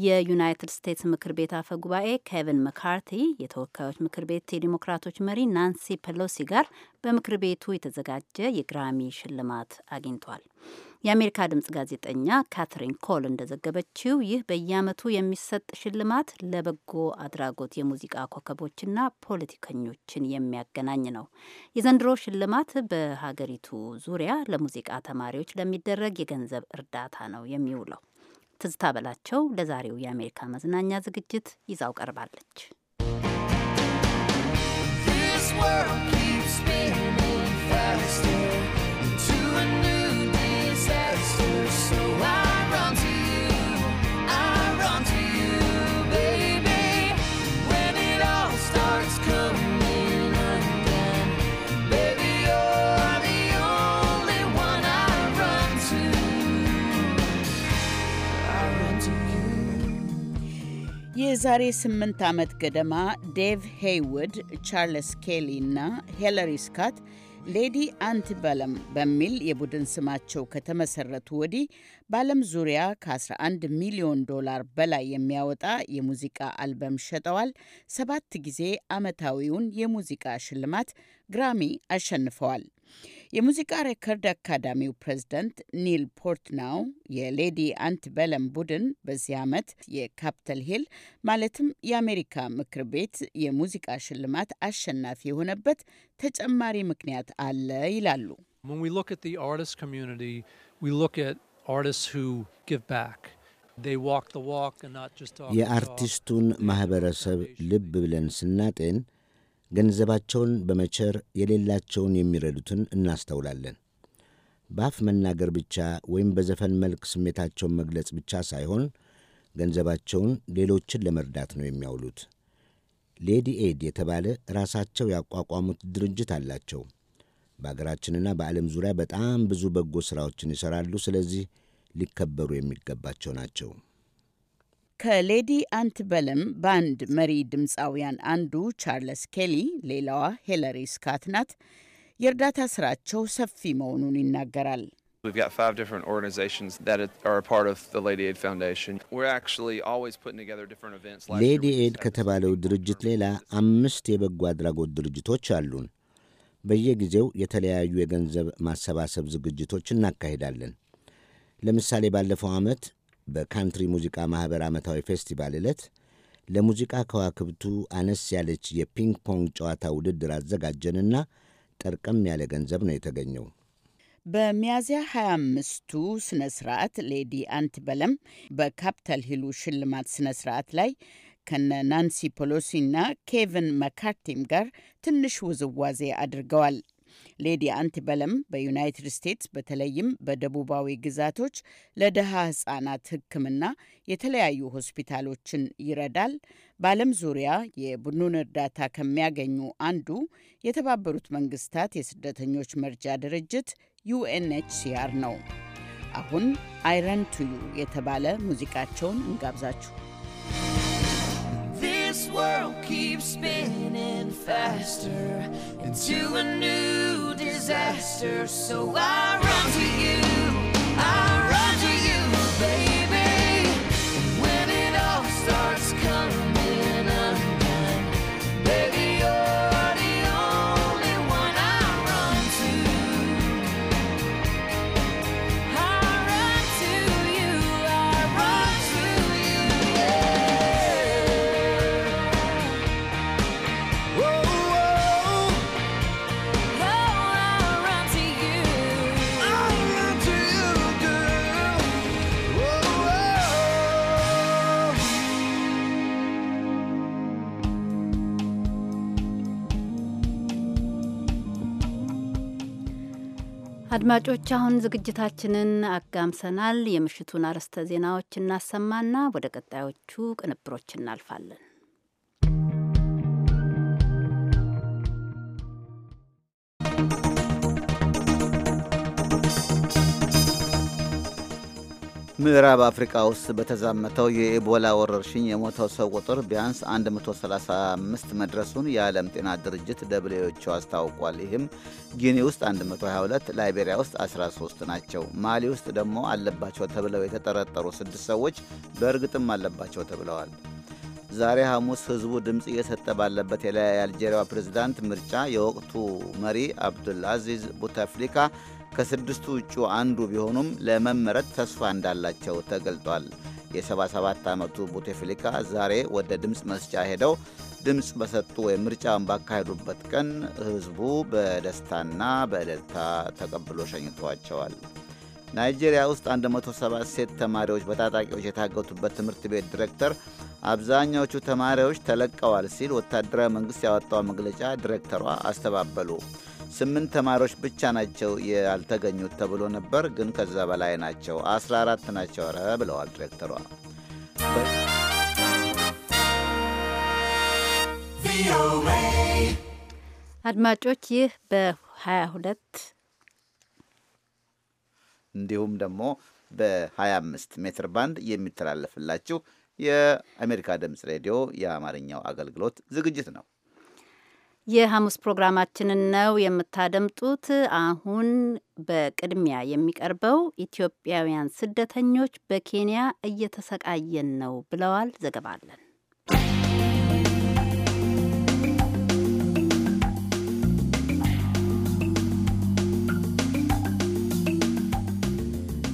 የዩናይትድ ስቴትስ ምክር ቤት አፈ ጉባኤ ኬቪን መካርቲ የተወካዮች ምክር ቤት የዲሞክራቶች መሪ ናንሲ ፔሎሲ ጋር በምክር ቤቱ የተዘጋጀ የግራሚ ሽልማት አግኝቷል። የአሜሪካ ድምጽ ጋዜጠኛ ካትሪን ኮል እንደዘገበችው ይህ በየዓመቱ የሚሰጥ ሽልማት ለበጎ አድራጎት የሙዚቃ ኮከቦችና ፖለቲከኞችን የሚያገናኝ ነው። የዘንድሮ ሽልማት በሀገሪቱ ዙሪያ ለሙዚቃ ተማሪዎች ለሚደረግ የገንዘብ እርዳታ ነው የሚውለው። ትዝታ በላቸው ለዛሬው የአሜሪካ መዝናኛ ዝግጅት ይዛው ቀርባለች። የዛሬ ስምንት ዓመት ገደማ ዴቭ ሄይውድ፣ ቻርልስ ኬሊ እና ሄለሪ ስካት ሌዲ አንቲበለም በሚል የቡድን ስማቸው ከተመሰረቱ ወዲህ በዓለም ዙሪያ ከ11 ሚሊዮን ዶላር በላይ የሚያወጣ የሙዚቃ አልበም ሸጠዋል። ሰባት ጊዜ ዓመታዊውን የሙዚቃ ሽልማት ግራሚ አሸንፈዋል። የሙዚቃ ሬከርድ አካዳሚው ፕሬዝዳንት ኒል ፖርትናው የሌዲ በለም ቡድን በዚህ ዓመት የካፕተል ሂል ማለትም የአሜሪካ ምክር ቤት የሙዚቃ ሽልማት አሸናፊ የሆነበት ተጨማሪ ምክንያት አለ ይላሉ። የአርቲስቱን ማህበረሰብ ልብ ብለን ስናጤን ገንዘባቸውን በመቸር የሌላቸውን የሚረዱትን እናስተውላለን። በአፍ መናገር ብቻ ወይም በዘፈን መልክ ስሜታቸውን መግለጽ ብቻ ሳይሆን ገንዘባቸውን ሌሎችን ለመርዳት ነው የሚያውሉት። ሌዲ ኤድ የተባለ ራሳቸው ያቋቋሙት ድርጅት አላቸው። በአገራችንና በዓለም ዙሪያ በጣም ብዙ በጎ ሥራዎችን ይሠራሉ። ስለዚህ ሊከበሩ የሚገባቸው ናቸው። ከሌዲ አንትበለም ባንድ መሪ ድምፃውያን አንዱ ቻርለስ ኬሊ፣ ሌላዋ ሂለሪ ስካት ናት። የእርዳታ ስራቸው ሰፊ መሆኑን ይናገራል። ሌዲ ኤድ ከተባለው ድርጅት ሌላ አምስት የበጎ አድራጎት ድርጅቶች አሉን። በየጊዜው የተለያዩ የገንዘብ ማሰባሰብ ዝግጅቶች እናካሄዳለን። ለምሳሌ ባለፈው ዓመት በካንትሪ ሙዚቃ ማኅበር ዓመታዊ ፌስቲቫል ዕለት ለሙዚቃ ከዋክብቱ አነስ ያለች የፒንግ ፖንግ ጨዋታ ውድድር አዘጋጀንና ጠርቀም ያለ ገንዘብ ነው የተገኘው። በሚያዝያ 25ቱ ስነ ስርዓት ሌዲ አንቲ በለም ሂሉ ሽልማት ስነ ስርዓት ላይ ከነ ናንሲ ፖሎሲና ኬቪን መካርቲም ጋር ትንሽ ውዝዋዜ አድርገዋል። ሌዲ አንቲበለም በዩናይትድ ስቴትስ በተለይም በደቡባዊ ግዛቶች ለድሃ ህጻናት ህክምና የተለያዩ ሆስፒታሎችን ይረዳል። በዓለም ዙሪያ የቡድኑን እርዳታ ከሚያገኙ አንዱ የተባበሩት መንግስታት የስደተኞች መርጃ ድርጅት ዩኤንኤችሲአር ነው። አሁን አይረን ቱዩ የተባለ ሙዚቃቸውን እንጋብዛችሁ። this world keeps spinning faster into a new disaster. So I run to you. አድማጮች አሁን ዝግጅታችንን አጋምሰናል። የምሽቱን አርዕስተ ዜናዎች እናሰማና ወደ ቀጣዮቹ ቅንብሮች እናልፋለን። Thank you. ምዕራብ አፍሪካ ውስጥ በተዛመተው የኢቦላ ወረርሽኝ የሞተው ሰው ቁጥር ቢያንስ 135 መድረሱን የዓለም ጤና ድርጅት ደብልዩኤች አስታውቋል። ይህም ጊኒ ውስጥ 122፣ ላይቤሪያ ውስጥ 13 ናቸው። ማሊ ውስጥ ደግሞ አለባቸው ተብለው የተጠረጠሩ ስድስት ሰዎች በእርግጥም አለባቸው ተብለዋል። ዛሬ ሐሙስ ህዝቡ ድምፅ እየሰጠ ባለበት የአልጄሪያ ፕሬዝዳንት ምርጫ የወቅቱ መሪ አብዱል አዚዝ ቡተፍሊካ ከስድስቱ እጩ አንዱ ቢሆኑም ለመመረጥ ተስፋ እንዳላቸው ተገልጧል። የ77 ዓመቱ ቡቴፍሊካ ዛሬ ወደ ድምፅ መስጫ ሄደው ድምፅ በሰጡ ወይም ምርጫውን ባካሄዱበት ቀን ህዝቡ በደስታና በእልልታ ተቀብሎ ሸኝቷቸዋል። ናይጄሪያ ውስጥ 170 ሴት ተማሪዎች በታጣቂዎች የታገቱበት ትምህርት ቤት ዲሬክተር አብዛኛዎቹ ተማሪዎች ተለቀዋል ሲል ወታደራዊ መንግሥት ያወጣው መግለጫ ዲሬክተሯ አስተባበሉ። ስምንት ተማሪዎች ብቻ ናቸው ያልተገኙት ተብሎ ነበር፣ ግን ከዛ በላይ ናቸው። 14 ናቸው ረ ብለዋል ዲሬክተሯ። አድማጮች ይህ በ22 እንዲሁም ደግሞ በ25 ሜትር ባንድ የሚተላለፍላችሁ የአሜሪካ ድምፅ ሬዲዮ የአማርኛው አገልግሎት ዝግጅት ነው። የሐሙስ ፕሮግራማችንን ነው የምታደምጡት። አሁን በቅድሚያ የሚቀርበው ኢትዮጵያውያን ስደተኞች በኬንያ እየተሰቃየን ነው ብለዋል። ዘገባለን።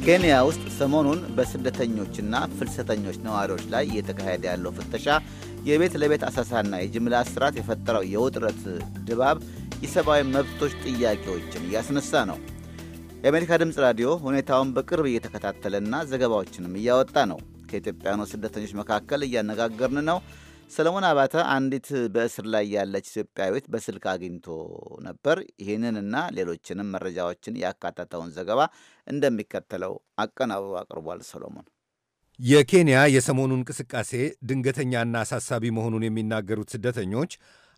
ኬንያ ውስጥ ሰሞኑን በስደተኞችና ፍልሰተኞች ነዋሪዎች ላይ እየተካሄደ ያለው ፍተሻ የቤት ለቤት አሳሳና የጅምላ እስራት የፈጠረው የውጥረት ድባብ የሰብአዊ መብቶች ጥያቄዎችን እያስነሳ ነው። የአሜሪካ ድምፅ ራዲዮ ሁኔታውን በቅርብ እየተከታተለና ዘገባዎችንም እያወጣ ነው። ከኢትዮጵያኑ ስደተኞች መካከል እያነጋገርን ነው። ሰለሞን አባተ አንዲት በእስር ላይ ያለች ኢትዮጵያዊት በስልክ አግኝቶ ነበር። ይህንንና ሌሎችንም መረጃዎችን ያካተተውን ዘገባ እንደሚከተለው አቀናብሮ አቅርቧል። ሰሎሞን የኬንያ የሰሞኑ እንቅስቃሴ ድንገተኛና አሳሳቢ መሆኑን የሚናገሩት ስደተኞች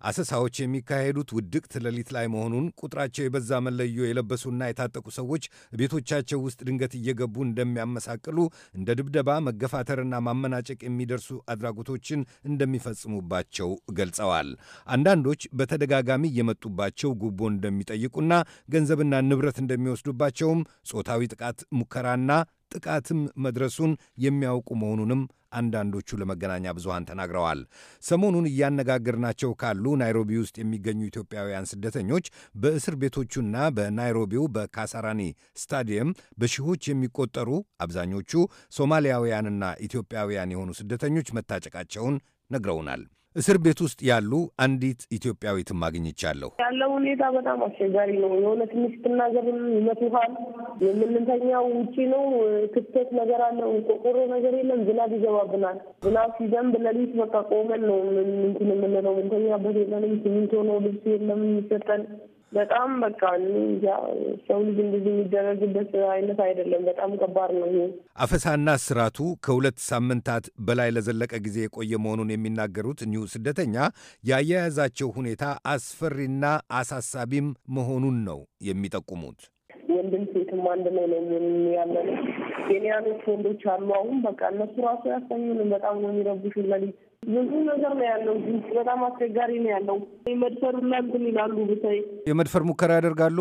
አሰሳዎች የሚካሄዱት ውድቅት ሌሊት ላይ መሆኑን ቁጥራቸው የበዛ መለዮ የለበሱና የታጠቁ ሰዎች ቤቶቻቸው ውስጥ ድንገት እየገቡ እንደሚያመሳቅሉ፣ እንደ ድብደባ፣ መገፋተርና ማመናጨቅ የሚደርሱ አድራጎቶችን እንደሚፈጽሙባቸው ገልጸዋል። አንዳንዶች በተደጋጋሚ እየመጡባቸው ጉቦ እንደሚጠይቁና ገንዘብና ንብረት እንደሚወስዱባቸውም ጾታዊ ጥቃት ሙከራና ጥቃትም መድረሱን የሚያውቁ መሆኑንም አንዳንዶቹ ለመገናኛ ብዙሃን ተናግረዋል። ሰሞኑን እያነጋገርናቸው ካሉ ናይሮቢ ውስጥ የሚገኙ ኢትዮጵያውያን ስደተኞች በእስር ቤቶቹና በናይሮቢው በካሳራኒ ስታዲየም በሺዎች የሚቆጠሩ አብዛኞቹ ሶማሊያውያንና ኢትዮጵያውያን የሆኑ ስደተኞች መታጨቃቸውን ነግረውናል። እስር ቤት ውስጥ ያሉ አንዲት ኢትዮጵያዊትም አግኝቻለሁ። ያለው ሁኔታ በጣም አስቸጋሪ ነው። የሆነ ትንሽ ትናገር ይመቱሃል። የምንተኛው ውጪ ነው። ክፍተት ነገር አለው። ቆቆሮ ነገር የለም። ዝናብ ይገባብናል። ዝናብ ሲዘንብ ለሊት በቃ ቆመን ነው ምንትን የምንለው። ምንተኛበት የለንም። ሲሚንቶ ነው። ልብስ የለም የሚሰጠን በጣም በቃ ሰው ልጅ እንደዚህ የሚደረግበት አይነት አይደለም። በጣም ከባድ ነው ይሄ አፈሳና ስራቱ ከሁለት ሳምንታት በላይ ለዘለቀ ጊዜ የቆየ መሆኑን የሚናገሩት ኒው ስደተኛ ያያያዛቸው ሁኔታ አስፈሪና አሳሳቢም መሆኑን ነው የሚጠቁሙት። ወንድም ሴትም አንድ ላይ ነው ያለ ነው። ኬንያኖች ወንዶች አሉ። አሁን በቃ እነሱ ራሱ ያሰኙንም በጣም ነው የሚረብሹ ለሊት ብዙ ነገር ነው ያለው። በጣም አስቸጋሪ ነው ያለው። የመድፈር ሁላ እንትን ይላሉ። ብታይ የመድፈር ሙከራ ያደርጋሉ።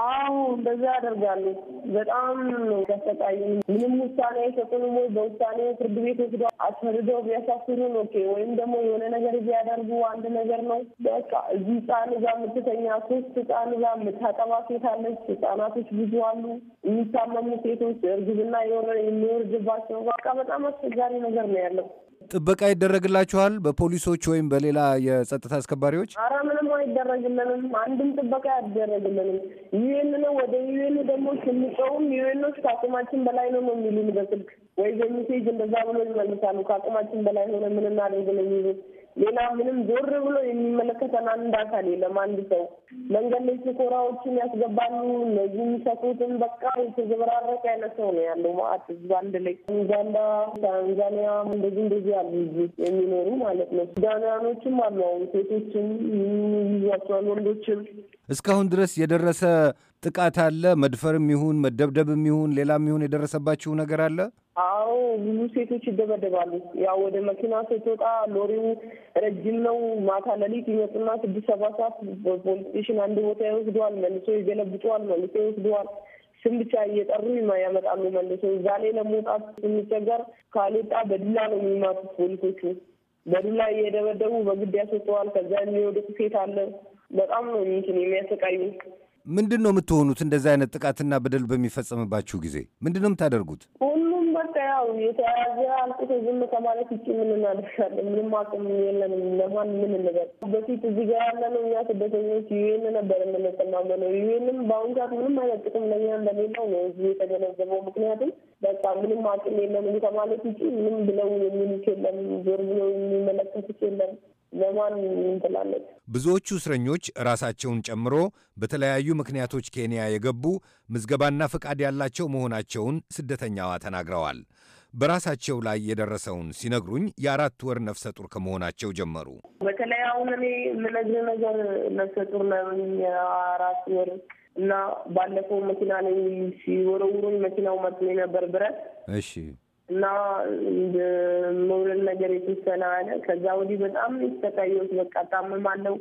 አዎ እንደዛ ያደርጋሉ። በጣም ነው ያሰቃዩ። ምንም ውሳኔ አይሰጡንም። ወይ በውሳኔ ፍርድ ቤት ወስዶ አስፈርደው ቢያሳስሩን ኦኬ፣ ወይም ደግሞ የሆነ ነገር ቢያደርጉ አንድ ነገር ነው በቃ። እዚህ ህፃን ጋር የምትተኛ ሶስት ህፃን ጋር የምታጠባ ሴት አለች። ህፃናቶች ብዙ አሉ። የሚታመሙ ሴቶች፣ እርግዝና የወረ የሚወርድባቸው በቃ በጣም አስቸጋሪ ነገር ነው ያለው። ጥበቃ ይደረግላችኋል በፖሊሶች ወይም በሌላ የጸጥታ አስከባሪዎች? ኧረ ምንም አይደረግልንም። አንድም ጥበቃ አይደረግልንም። ዩኤን ነው። ወደ ዩኤን ደግሞ ስንጨውም ዩኤኖች ከአቅማችን በላይ ነው ነው የሚሉን በስልክ ወይ በሚሴጅ እንደዛ ብሎ ይመልሳሉ። ከአቅማችን በላይ ሆነ ምንናደርግ ነው የሚሉት ሌላ ምንም ዞር ብሎ የሚመለከተን አንድ አካል የለም። አንድ ሰው መንገድ ላይ ሸኮራዎችን ያስገባሉ። እነዚህ የሚሰጡትን በቃ የተዘበራረቀ አይነት ሰው ነው ያለው። ማለት ህዝብ አንድ ላይ ኡጋንዳ፣ ታንዛኒያ እንደዚህ እንደዚህ ያሉ ዙ የሚኖሩ ማለት ነው። ሱዳናውያኖችም አሉ። አሁን ሴቶችም ይዟቸዋል፣ ወንዶችም እስካሁን ድረስ የደረሰ ጥቃት አለ። መድፈርም ይሁን መደብደብም ይሁን ሌላም ይሁን የደረሰባችሁ ነገር አለ? አዎ ብዙ ሴቶች ይደበደባሉ። ያው ወደ መኪና ስትወጣ ሎሪው ረጅም ነው። ማታ ሌሊት ይመጡና ስድስት ሰባት ሰዓት በፖሊስ ስቴሽን አንድ ቦታ ይወስደዋል፣ መልሶ ይገለብጠዋል፣ መልሶ ይወስደዋል። ስም ብቻ እየጠሩ ያመጣሉ መልሶ። እዛ ላይ ለመውጣት ስንቸገር ካልወጣ በዱላ ነው የሚማቱት ፖሊሶቹ። በዱላ እየደበደቡ በግድ ያስወጠዋል። ከዛ የሚወደቁ ሴት አለ። በጣም ነው እንትን የሚያሰቃዩ ምንድን ነው የምትሆኑት? እንደዚህ አይነት ጥቃትና በደል በሚፈጸምባችሁ ጊዜ ምንድን ነው የምታደርጉት? ሁሉ ያው የተያዘ አልቅቶ ዝም ከማለት ውጭ ምን እናደርጋለን? ምንም አቅም የለንም። ለማን ምን እንበል? በፊት እዚህ ጋር ያለነው እኛ ስደተኞች ዩኤን ነበር ዩኤንም በአሁኑ ሰዓት ምንም አይነት ጥቅም ለእኛ እንደሌለው ነው እዚህ የተገነዘበው። ምክንያቱም በቃ ምንም አቅም የለንም ከማለት ውጭ ምንም ብለው የሚሉት የለም። ዞር ብለው የሚመለከቱት የለም። ብዙዎቹ እስረኞች ራሳቸውን ጨምሮ በተለያዩ ምክንያቶች ኬንያ የገቡ ምዝገባና ፈቃድ ያላቸው መሆናቸውን ስደተኛዋ ተናግረዋል። በራሳቸው ላይ የደረሰውን ሲነግሩኝ የአራት ወር ነፍሰ ጡር ከመሆናቸው ጀመሩ። በተለይ አሁን እኔ የምነግር ነገር ነፍሰ ጡር ነኝ አራት ወር እና ባለፈው መኪና ላይ ሲወረውሩኝ መኪናው መጥሎ ነበር ብረት። እሺ እና መውለድ ነገር የተወሰነ አለ። ከዛ ወዲህ በጣም ተሰቃየሁት። በቃ አለው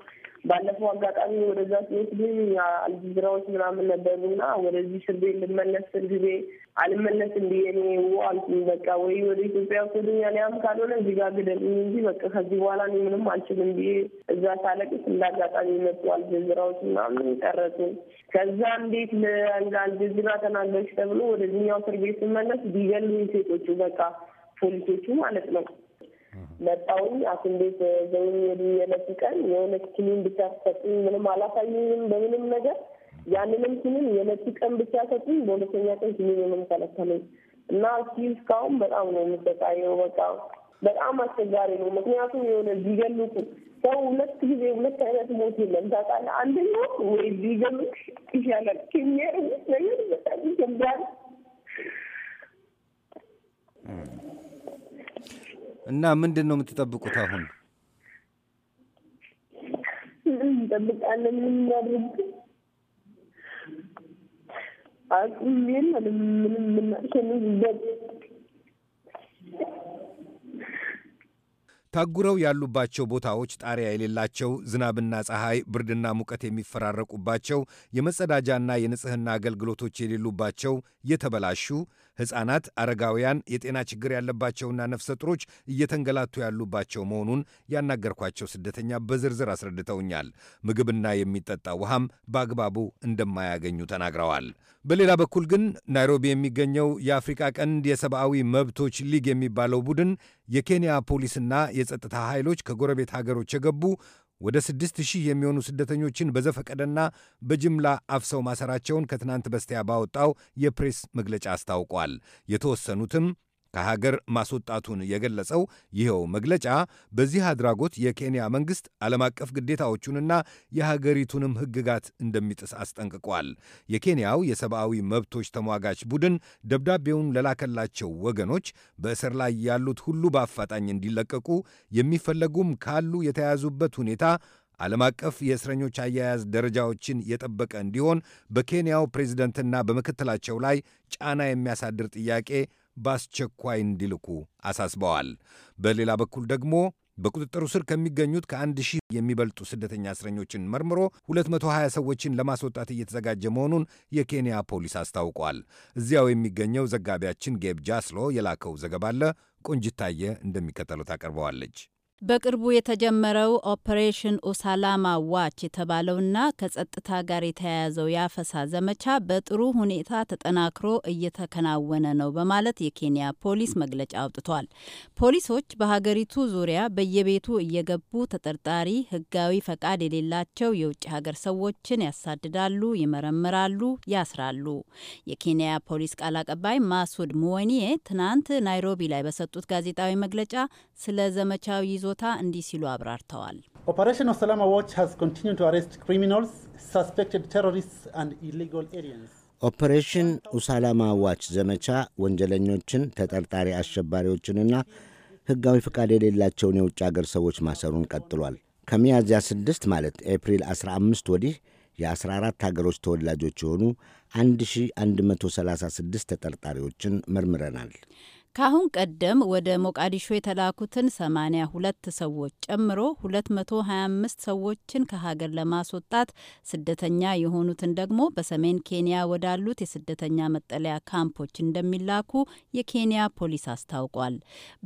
ባለፈው አጋጣሚ ወደዛ ስሜት ግን አልጅዝራዎች ምናምን ነበሩ ነበሩና ወደዚህ ሽርቤ ልመለስ ስል ጊዜ አልመለስ እንዲ እኔ አልኩኝ። በቃ ወይ ወደ ኢትዮጵያ ወሰዱኛል፣ ሊያም ካልሆነ እዚህ ጋር ግደሉኝ እንጂ በቃ ከዚህ በኋላ እኔ ምንም አልችልም ብዬ እዛ ሳለቅስ እንደ አጋጣሚ መጡ አልጅዝራዎች ምናምን ቀረጹ። ከዛ እንዴት ለአልጅዝራ ተናገርሽ ተብሎ ወደዚህኛው እስር ቤት ስመለስ ቢገሉኝ ሴቶቹ በቃ ፖሊሶቹ ማለት ነው መጣውኝ አኩን ቤት ዘውኝ ሄዱ። የለት ቀን የሆነ ክኒን ብቻ ሰጡኝ። ምንም አላሳዩኝም በምንም ነገር። ያንንም ክኒን የለት ቀን ብቻ ሰጡኝ። በሁለተኛ ቀን ክኒኑንም ከለከለኝ እና እስኪ እስካሁን በጣም ነው የምሰቃየው። በቃ በጣም አስቸጋሪ ነው። ምክንያቱም የሆነ ቢገልጡ ሰው ሁለት ጊዜ ሁለት አይነት ሞት የለም ታውቃለህ። አንደኛው ወይ ቢገልጥ ይሻላል ከሚያደርጉት ነገር በጣም ይከብዳል። እና ምንድን ነው የምትጠብቁት አሁን? እንጠብቃለን። ምን እናድርግ? አቁም ምንም ምንም ምናሸንፍበት ታጉረው ያሉባቸው ቦታዎች ጣሪያ የሌላቸው፣ ዝናብና ፀሐይ፣ ብርድና ሙቀት የሚፈራረቁባቸው፣ የመጸዳጃና የንጽህና አገልግሎቶች የሌሉባቸው፣ የተበላሹ፣ ሕፃናት፣ አረጋውያን፣ የጤና ችግር ያለባቸውና ነፍሰ ጥሮች እየተንገላቱ ያሉባቸው መሆኑን ያናገርኳቸው ስደተኛ በዝርዝር አስረድተውኛል። ምግብና የሚጠጣ ውሃም በአግባቡ እንደማያገኙ ተናግረዋል። በሌላ በኩል ግን ናይሮቢ የሚገኘው የአፍሪቃ ቀንድ የሰብአዊ መብቶች ሊግ የሚባለው ቡድን የኬንያ ፖሊስና የጸጥታ ኃይሎች ከጎረቤት ሀገሮች የገቡ ወደ ስድስት ሺህ የሚሆኑ ስደተኞችን በዘፈቀደና በጅምላ አፍሰው ማሰራቸውን ከትናንት በስቲያ ባወጣው የፕሬስ መግለጫ አስታውቋል። የተወሰኑትም ከሀገር ማስወጣቱን የገለጸው ይኸው መግለጫ በዚህ አድራጎት የኬንያ መንግሥት ዓለም አቀፍ ግዴታዎቹንና የሀገሪቱንም ሕግጋት እንደሚጥስ አስጠንቅቋል። የኬንያው የሰብአዊ መብቶች ተሟጋች ቡድን ደብዳቤውን ለላከላቸው ወገኖች በእስር ላይ ያሉት ሁሉ በአፋጣኝ እንዲለቀቁ፣ የሚፈለጉም ካሉ የተያዙበት ሁኔታ ዓለም አቀፍ የእስረኞች አያያዝ ደረጃዎችን የጠበቀ እንዲሆን በኬንያው ፕሬዚደንትና በምክትላቸው ላይ ጫና የሚያሳድር ጥያቄ በአስቸኳይ እንዲልኩ አሳስበዋል። በሌላ በኩል ደግሞ በቁጥጥሩ ስር ከሚገኙት ከአንድ ሺህ የሚበልጡ ስደተኛ እስረኞችን መርምሮ 220 ሰዎችን ለማስወጣት እየተዘጋጀ መሆኑን የኬንያ ፖሊስ አስታውቋል። እዚያው የሚገኘው ዘጋቢያችን ጌብ ጃስሎ የላከው ዘገባ አለ። ቆንጅታየ እንደሚከተለው ታቀርበዋለች። በቅርቡ የተጀመረው ኦፕሬሽን ኡሳላማ ዋች የተባለውና ከጸጥታ ጋር የተያያዘው የአፈሳ ዘመቻ በጥሩ ሁኔታ ተጠናክሮ እየተከናወነ ነው በማለት የኬንያ ፖሊስ መግለጫ አውጥቷል። ፖሊሶች በሀገሪቱ ዙሪያ በየቤቱ እየገቡ ተጠርጣሪ ሕጋዊ ፈቃድ የሌላቸው የውጭ ሀገር ሰዎችን ያሳድዳሉ፣ ይመረምራሉ፣ ያስራሉ። የኬንያ ፖሊስ ቃል አቀባይ ማሱድ ሙወኒዬ ትናንት ናይሮቢ ላይ በሰጡት ጋዜጣዊ መግለጫ ስለ ዘመቻው ይዞ ይዞታ እንዲህ ሲሉ አብራርተዋል። ኦፐሬሽን ሰላማ ዋች ሃዝ ኮንቲኒውድ ቱ አሬስት ክሪሚናልስ ሰስፔክትድ ቴሮሪስትስ አንድ ኢሊጋል ኤሊየንስ ኦፐሬሽን ኡሳላማ ዋች ዘመቻ ወንጀለኞችን፣ ተጠርጣሪ አሸባሪዎችንና ሕጋዊ ፍቃድ የሌላቸውን የውጭ አገር ሰዎች ማሰሩን ቀጥሏል። ከሚያዝያ 6 ማለት ኤፕሪል 15 ወዲህ የ14 ሀገሮች ተወላጆች የሆኑ 1136 ተጠርጣሪዎችን መርምረናል። ከአሁን ቀደም ወደ ሞቃዲሾ የተላኩትን 82 ሰዎች ጨምሮ 225 ሰዎችን ከሀገር ለማስወጣት ስደተኛ የሆኑትን ደግሞ በሰሜን ኬንያ ወዳሉት የስደተኛ መጠለያ ካምፖች እንደሚላኩ የኬንያ ፖሊስ አስታውቋል።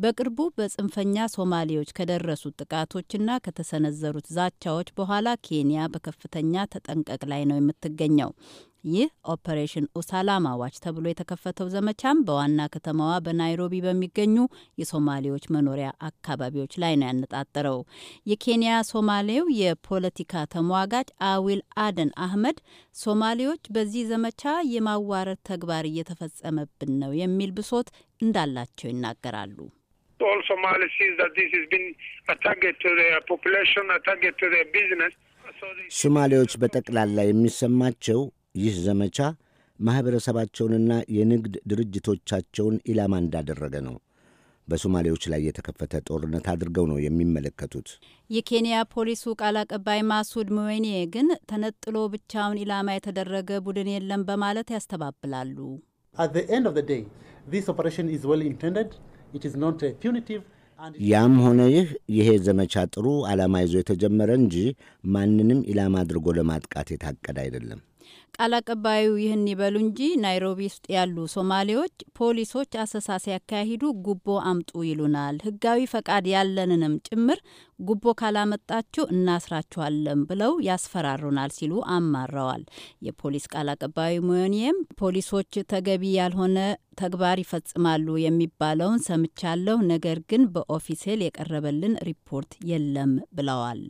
በቅርቡ በጽንፈኛ ሶማሌዎች ከደረሱት ጥቃቶችና ከተሰነዘሩት ዛቻዎች በኋላ ኬንያ በከፍተኛ ተጠንቀቅ ላይ ነው የምትገኘው። ይህ ኦፐሬሽን ኡሳላማ ዋች ተብሎ የተከፈተው ዘመቻም በዋና ከተማዋ በናይሮቢ በሚገኙ የሶማሌዎች መኖሪያ አካባቢዎች ላይ ነው ያነጣጠረው። የኬንያ ሶማሌው የፖለቲካ ተሟጋጅ አዊል አደን አህመድ ሶማሌዎች በዚህ ዘመቻ የማዋረድ ተግባር እየተፈጸመብን ነው የሚል ብሶት እንዳላቸው ይናገራሉ። ሶማሌዎች በጠቅላላ የሚሰማቸው ይህ ዘመቻ ማኅበረሰባቸውንና የንግድ ድርጅቶቻቸውን ኢላማ እንዳደረገ ነው በሶማሌዎች ላይ የተከፈተ ጦርነት አድርገው ነው የሚመለከቱት። የኬንያ ፖሊሱ ቃል አቀባይ ማሱድ ሙዌኔ ግን ተነጥሎ ብቻውን ኢላማ የተደረገ ቡድን የለም በማለት ያስተባብላሉ። ያም ሆነ ይህ ይሄ ዘመቻ ጥሩ ዓላማ ይዞ የተጀመረ እንጂ ማንንም ኢላማ አድርጎ ለማጥቃት የታቀደ አይደለም። ቃል አቀባዩ ይህን ይበሉ እንጂ ናይሮቢ ውስጥ ያሉ ሶማሌዎች ፖሊሶች አሰሳ ሲያካሂዱ ጉቦ አምጡ ይሉናል፣ ህጋዊ ፈቃድ ያለንንም ጭምር ጉቦ ካላመጣችሁ እናስራችኋለን ብለው ያስፈራሩናል ሲሉ አማረዋል። የፖሊስ ቃል አቀባዩ ሞዮኒየም ፖሊሶች ተገቢ ያልሆነ ተግባር ይፈጽማሉ የሚባለውን ሰምቻለሁ፣ ነገር ግን በኦፊሴል የቀረበልን ሪፖርት የለም ብለዋል።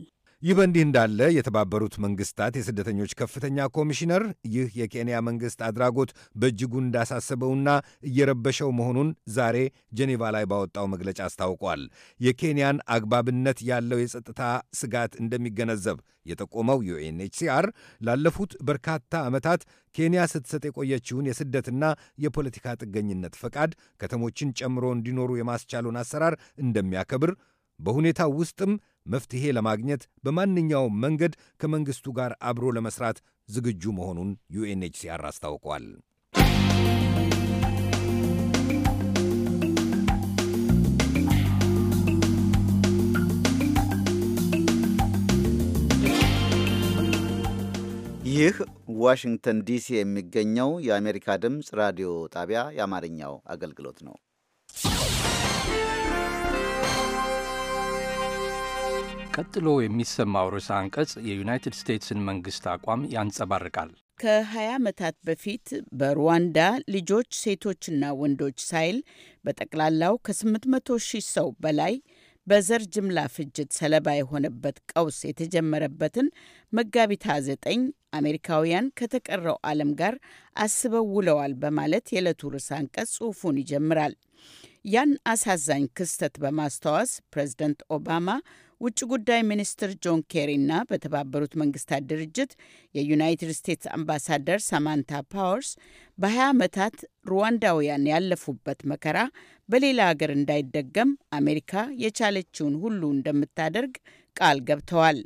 ይህ በእንዲህ እንዳለ የተባበሩት መንግስታት የስደተኞች ከፍተኛ ኮሚሽነር ይህ የኬንያ መንግስት አድራጎት በእጅጉ እንዳሳሰበውና እየረበሸው መሆኑን ዛሬ ጄኔቫ ላይ ባወጣው መግለጫ አስታውቋል። የኬንያን አግባብነት ያለው የጸጥታ ስጋት እንደሚገነዘብ የጠቆመው ዩኤንኤችሲአር ላለፉት በርካታ ዓመታት ኬንያ ስትሰጥ የቆየችውን የስደትና የፖለቲካ ጥገኝነት ፈቃድ ከተሞችን ጨምሮ እንዲኖሩ የማስቻሉን አሰራር እንደሚያከብር በሁኔታው ውስጥም መፍትሄ ለማግኘት በማንኛውም መንገድ ከመንግሥቱ ጋር አብሮ ለመስራት ዝግጁ መሆኑን ዩኤንኤችሲአር አስታውቋል። ይህ ዋሽንግተን ዲሲ የሚገኘው የአሜሪካ ድምፅ ራዲዮ ጣቢያ የአማርኛው አገልግሎት ነው። ቀጥሎ የሚሰማው ርዕሰ አንቀጽ የዩናይትድ ስቴትስን መንግስት አቋም ያንጸባርቃል። ከ20 ዓመታት በፊት በሩዋንዳ ልጆች ሴቶችና ወንዶች ሳይል በጠቅላላው ከ800 ሺህ ሰው በላይ በዘር ጅምላ ፍጅት ሰለባ የሆነበት ቀውስ የተጀመረበትን መጋቢት 29 አሜሪካውያን ከተቀረው ዓለም ጋር አስበው ውለዋል በማለት የዕለቱ ርዕሰ አንቀጽ ጽሑፉን ይጀምራል። ያን አሳዛኝ ክስተት በማስታወስ ፕሬዝደንት ኦባማ ውጭ ጉዳይ ሚኒስትር ጆን ኬሪና በተባበሩት መንግስታት ድርጅት የዩናይትድ ስቴትስ አምባሳደር ሳማንታ ፓወርስ በ20 ዓመታት ሩዋንዳውያን ያለፉበት መከራ በሌላ አገር እንዳይደገም አሜሪካ የቻለችውን ሁሉ እንደምታደርግ ቃል ገብተዋል።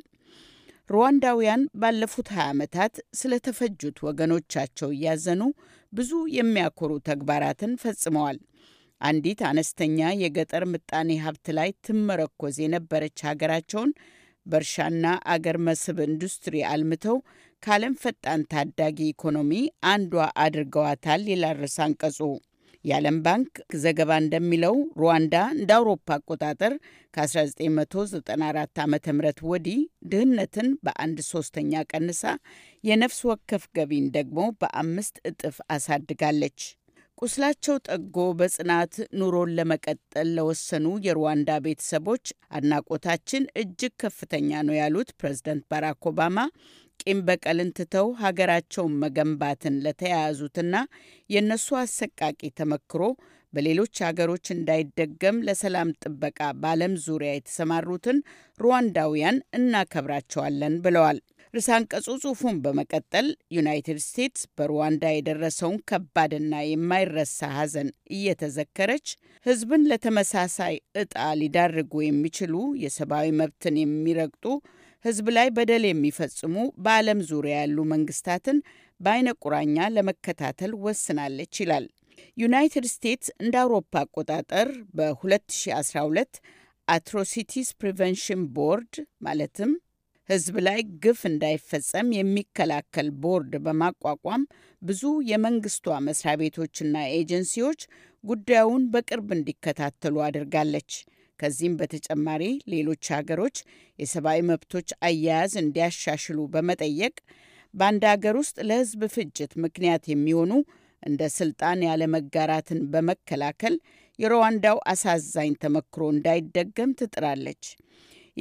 ሩዋንዳውያን ባለፉት 20 ዓመታት ስለተፈጁት ወገኖቻቸው እያዘኑ ብዙ የሚያኮሩ ተግባራትን ፈጽመዋል። አንዲት አነስተኛ የገጠር ምጣኔ ሀብት ላይ ትመረኮዝ የነበረች ሀገራቸውን በእርሻና አገር መስህብ ኢንዱስትሪ አልምተው ከዓለም ፈጣን ታዳጊ ኢኮኖሚ አንዷ አድርገዋታል ይላል ርዕሰ አንቀጹ። የዓለም ባንክ ዘገባ እንደሚለው ሩዋንዳ እንደ አውሮፓ አቆጣጠር ከ1994 ዓ ም ወዲህ ድህነትን በአንድ ሶስተኛ ቀንሳ የነፍስ ወከፍ ገቢን ደግሞ በአምስት እጥፍ አሳድጋለች። ቁስላቸው ጠጎ በጽናት ኑሮን ለመቀጠል ለወሰኑ የሩዋንዳ ቤተሰቦች አድናቆታችን እጅግ ከፍተኛ ነው ያሉት ፕሬዝደንት ባራክ ኦባማ ቂም በቀልን ትተው ሀገራቸውን መገንባትን ለተያያዙትና የእነሱ አሰቃቂ ተመክሮ በሌሎች ሀገሮች እንዳይደገም ለሰላም ጥበቃ በዓለም ዙሪያ የተሰማሩትን ሩዋንዳውያን እናከብራቸዋለን ብለዋል። ርዕሰ አንቀጹ ጽሑፉን በመቀጠል ዩናይትድ ስቴትስ በሩዋንዳ የደረሰውን ከባድና የማይረሳ ሐዘን እየተዘከረች ሕዝብን ለተመሳሳይ እጣ ሊዳርጉ የሚችሉ የሰብአዊ መብትን የሚረግጡ ሕዝብ ላይ በደል የሚፈጽሙ በዓለም ዙሪያ ያሉ መንግስታትን በአይነ ቁራኛ ለመከታተል ወስናለች ይላል። ዩናይትድ ስቴትስ እንደ አውሮፓ አቆጣጠር በ2012 አትሮሲቲስ ፕሪቨንሽን ቦርድ ማለትም ህዝብ ላይ ግፍ እንዳይፈጸም የሚከላከል ቦርድ በማቋቋም ብዙ የመንግስቷ መስሪያ ቤቶችና ኤጀንሲዎች ጉዳዩን በቅርብ እንዲከታተሉ አድርጋለች። ከዚህም በተጨማሪ ሌሎች ሀገሮች የሰብአዊ መብቶች አያያዝ እንዲያሻሽሉ በመጠየቅ በአንድ ሀገር ውስጥ ለህዝብ ፍጅት ምክንያት የሚሆኑ እንደ ስልጣን ያለመጋራትን በመከላከል የሩዋንዳው አሳዛኝ ተመክሮ እንዳይደገም ትጥራለች።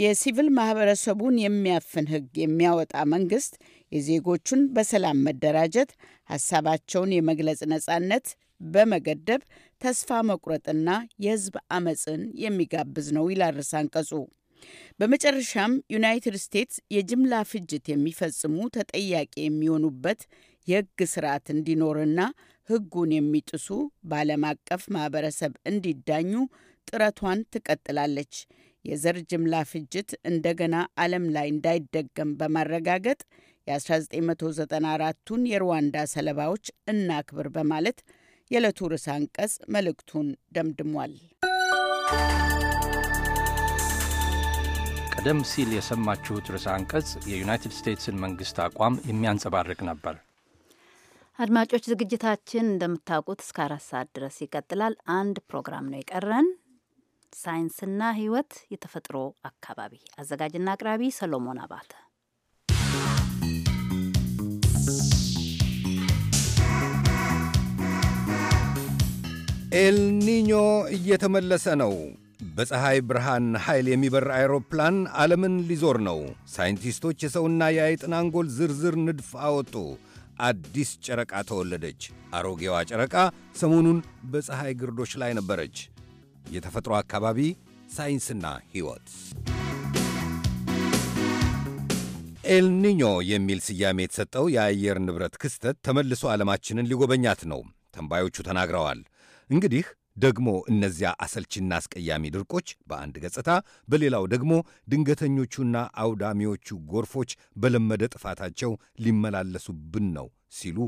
የሲቪል ማህበረሰቡን የሚያፍን ህግ የሚያወጣ መንግስት የዜጎቹን በሰላም መደራጀት፣ ሀሳባቸውን የመግለጽ ነጻነት በመገደብ ተስፋ መቁረጥና የህዝብ አመፅን የሚጋብዝ ነው ይላል ርዕሰ አንቀጹ። በመጨረሻም ዩናይትድ ስቴትስ የጅምላ ፍጅት የሚፈጽሙ ተጠያቂ የሚሆኑበት የህግ ስርዓት እንዲኖርና ህጉን የሚጥሱ በዓለም አቀፍ ማህበረሰብ እንዲዳኙ ጥረቷን ትቀጥላለች። የዘር ጅምላ ፍጅት እንደገና ዓለም ላይ እንዳይደገም በማረጋገጥ የ1994ቱን የሩዋንዳ ሰለባዎች እናክብር በማለት የዕለቱ ርዕሰ አንቀጽ መልእክቱን ደምድሟል። ቀደም ሲል የሰማችሁት ርዕሰ አንቀጽ የዩናይትድ ስቴትስን መንግስት አቋም የሚያንጸባርቅ ነበር። አድማጮች፣ ዝግጅታችን እንደምታውቁት እስከ አራት ሰዓት ድረስ ይቀጥላል። አንድ ፕሮግራም ነው የቀረን። ሳይንስና ሕይወት የተፈጥሮ አካባቢ አዘጋጅና አቅራቢ ሰሎሞን አባተ። ኤልኒኞ እየተመለሰ ነው። በፀሐይ ብርሃን ኃይል የሚበር አይሮፕላን ዓለምን ሊዞር ነው። ሳይንቲስቶች የሰውና የአይጥን አንጎል ዝርዝር ንድፍ አወጡ። አዲስ ጨረቃ ተወለደች። አሮጌዋ ጨረቃ ሰሞኑን በፀሐይ ግርዶች ላይ ነበረች። የተፈጥሮ አካባቢ፣ ሳይንስና ሕይወት ኤልኒኞ የሚል ስያሜ የተሰጠው የአየር ንብረት ክስተት ተመልሶ ዓለማችንን ሊጎበኛት ነው ተንባዮቹ ተናግረዋል። እንግዲህ ደግሞ እነዚያ አሰልቺና አስቀያሚ ድርቆች በአንድ ገጽታ፣ በሌላው ደግሞ ድንገተኞቹና አውዳሚዎቹ ጎርፎች በለመደ ጥፋታቸው ሊመላለሱብን ነው ሲሉ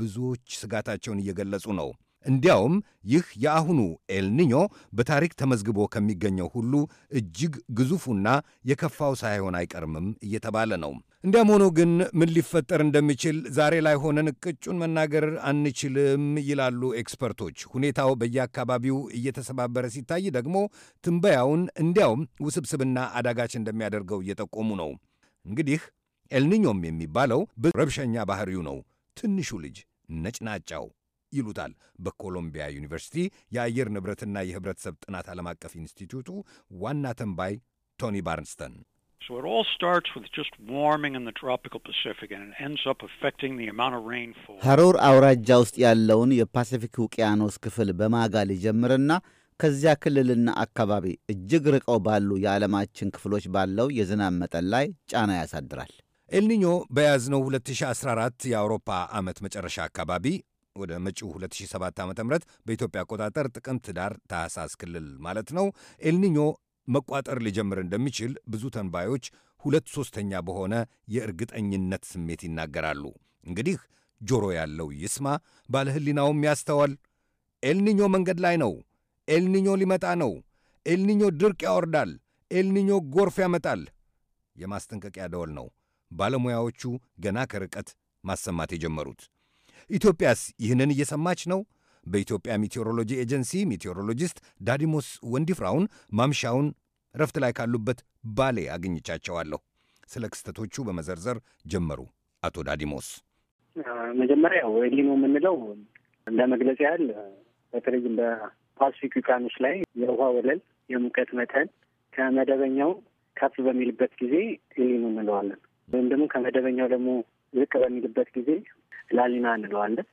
ብዙዎች ስጋታቸውን እየገለጹ ነው። እንዲያውም ይህ የአሁኑ ኤልኒኞ በታሪክ ተመዝግቦ ከሚገኘው ሁሉ እጅግ ግዙፉና የከፋው ሳይሆን አይቀርምም እየተባለ ነው። እንዲያም ሆኖ ግን ምን ሊፈጠር እንደሚችል ዛሬ ላይ ሆነን ቅጩን መናገር አንችልም ይላሉ ኤክስፐርቶች። ሁኔታው በየአካባቢው እየተሰባበረ ሲታይ ደግሞ ትንበያውን እንዲያውም ውስብስብና አዳጋች እንደሚያደርገው እየጠቆሙ ነው። እንግዲህ ኤልኒኞም የሚባለው ረብሸኛ ባህሪው ነው። ትንሹ ልጅ ነጭናጫው ይሉታል በኮሎምቢያ ዩኒቨርሲቲ የአየር ንብረትና የህብረተሰብ ጥናት ዓለም አቀፍ ኢንስቲትዩቱ ዋና ተንባይ ቶኒ ባርንስተን። ሐሩር አውራጃ ውስጥ ያለውን የፓሲፊክ ውቅያኖስ ክፍል በማጋል ይጀምርና ከዚያ ክልልና አካባቢ እጅግ ርቀው ባሉ የዓለማችን ክፍሎች ባለው የዝናብ መጠን ላይ ጫና ያሳድራል። ኤልኒኞ በያዝነው 2014 የአውሮፓ ዓመት መጨረሻ አካባቢ ወደ መጪው 2007 ዓ ም በኢትዮጵያ አቆጣጠር ጥቅምት፣ ዳር፣ ታህሳስ ክልል ማለት ነው ኤልኒኞ መቋጠር ሊጀምር እንደሚችል ብዙ ተንባዮች ሁለት ሦስተኛ በሆነ የእርግጠኝነት ስሜት ይናገራሉ። እንግዲህ ጆሮ ያለው ይስማ፣ ባለህሊናውም ያስተዋል። ኤልኒኞ መንገድ ላይ ነው። ኤልኒኞ ሊመጣ ነው። ኤልኒኞ ድርቅ ያወርዳል። ኤልኒኞ ጎርፍ ያመጣል። የማስጠንቀቂያ ደወል ነው ባለሙያዎቹ ገና ከርቀት ማሰማት የጀመሩት። ኢትዮጵያስ ይህንን እየሰማች ነው? በኢትዮጵያ ሜቴዎሮሎጂ ኤጀንሲ ሜቴዎሮሎጂስት ዳዲሞስ ወንዲፍራውን ማምሻውን እረፍት ላይ ካሉበት ባሌ አግኝቻቸዋለሁ። ስለ ክስተቶቹ በመዘርዘር ጀመሩ። አቶ ዳዲሞስ መጀመሪያ ያው ነው የምንለው ለመግለጽ ያህል በተለይም በፓስፊክ ውቅያኖስ ላይ የውሃ ወለል የሙቀት መጠን ከመደበኛው ከፍ በሚልበት ጊዜ ሊኖ እንለዋለን። ወይም ደግሞ ከመደበኛው ደግሞ ዝቅ በሚልበት ጊዜ ላሊና እንለዋለን።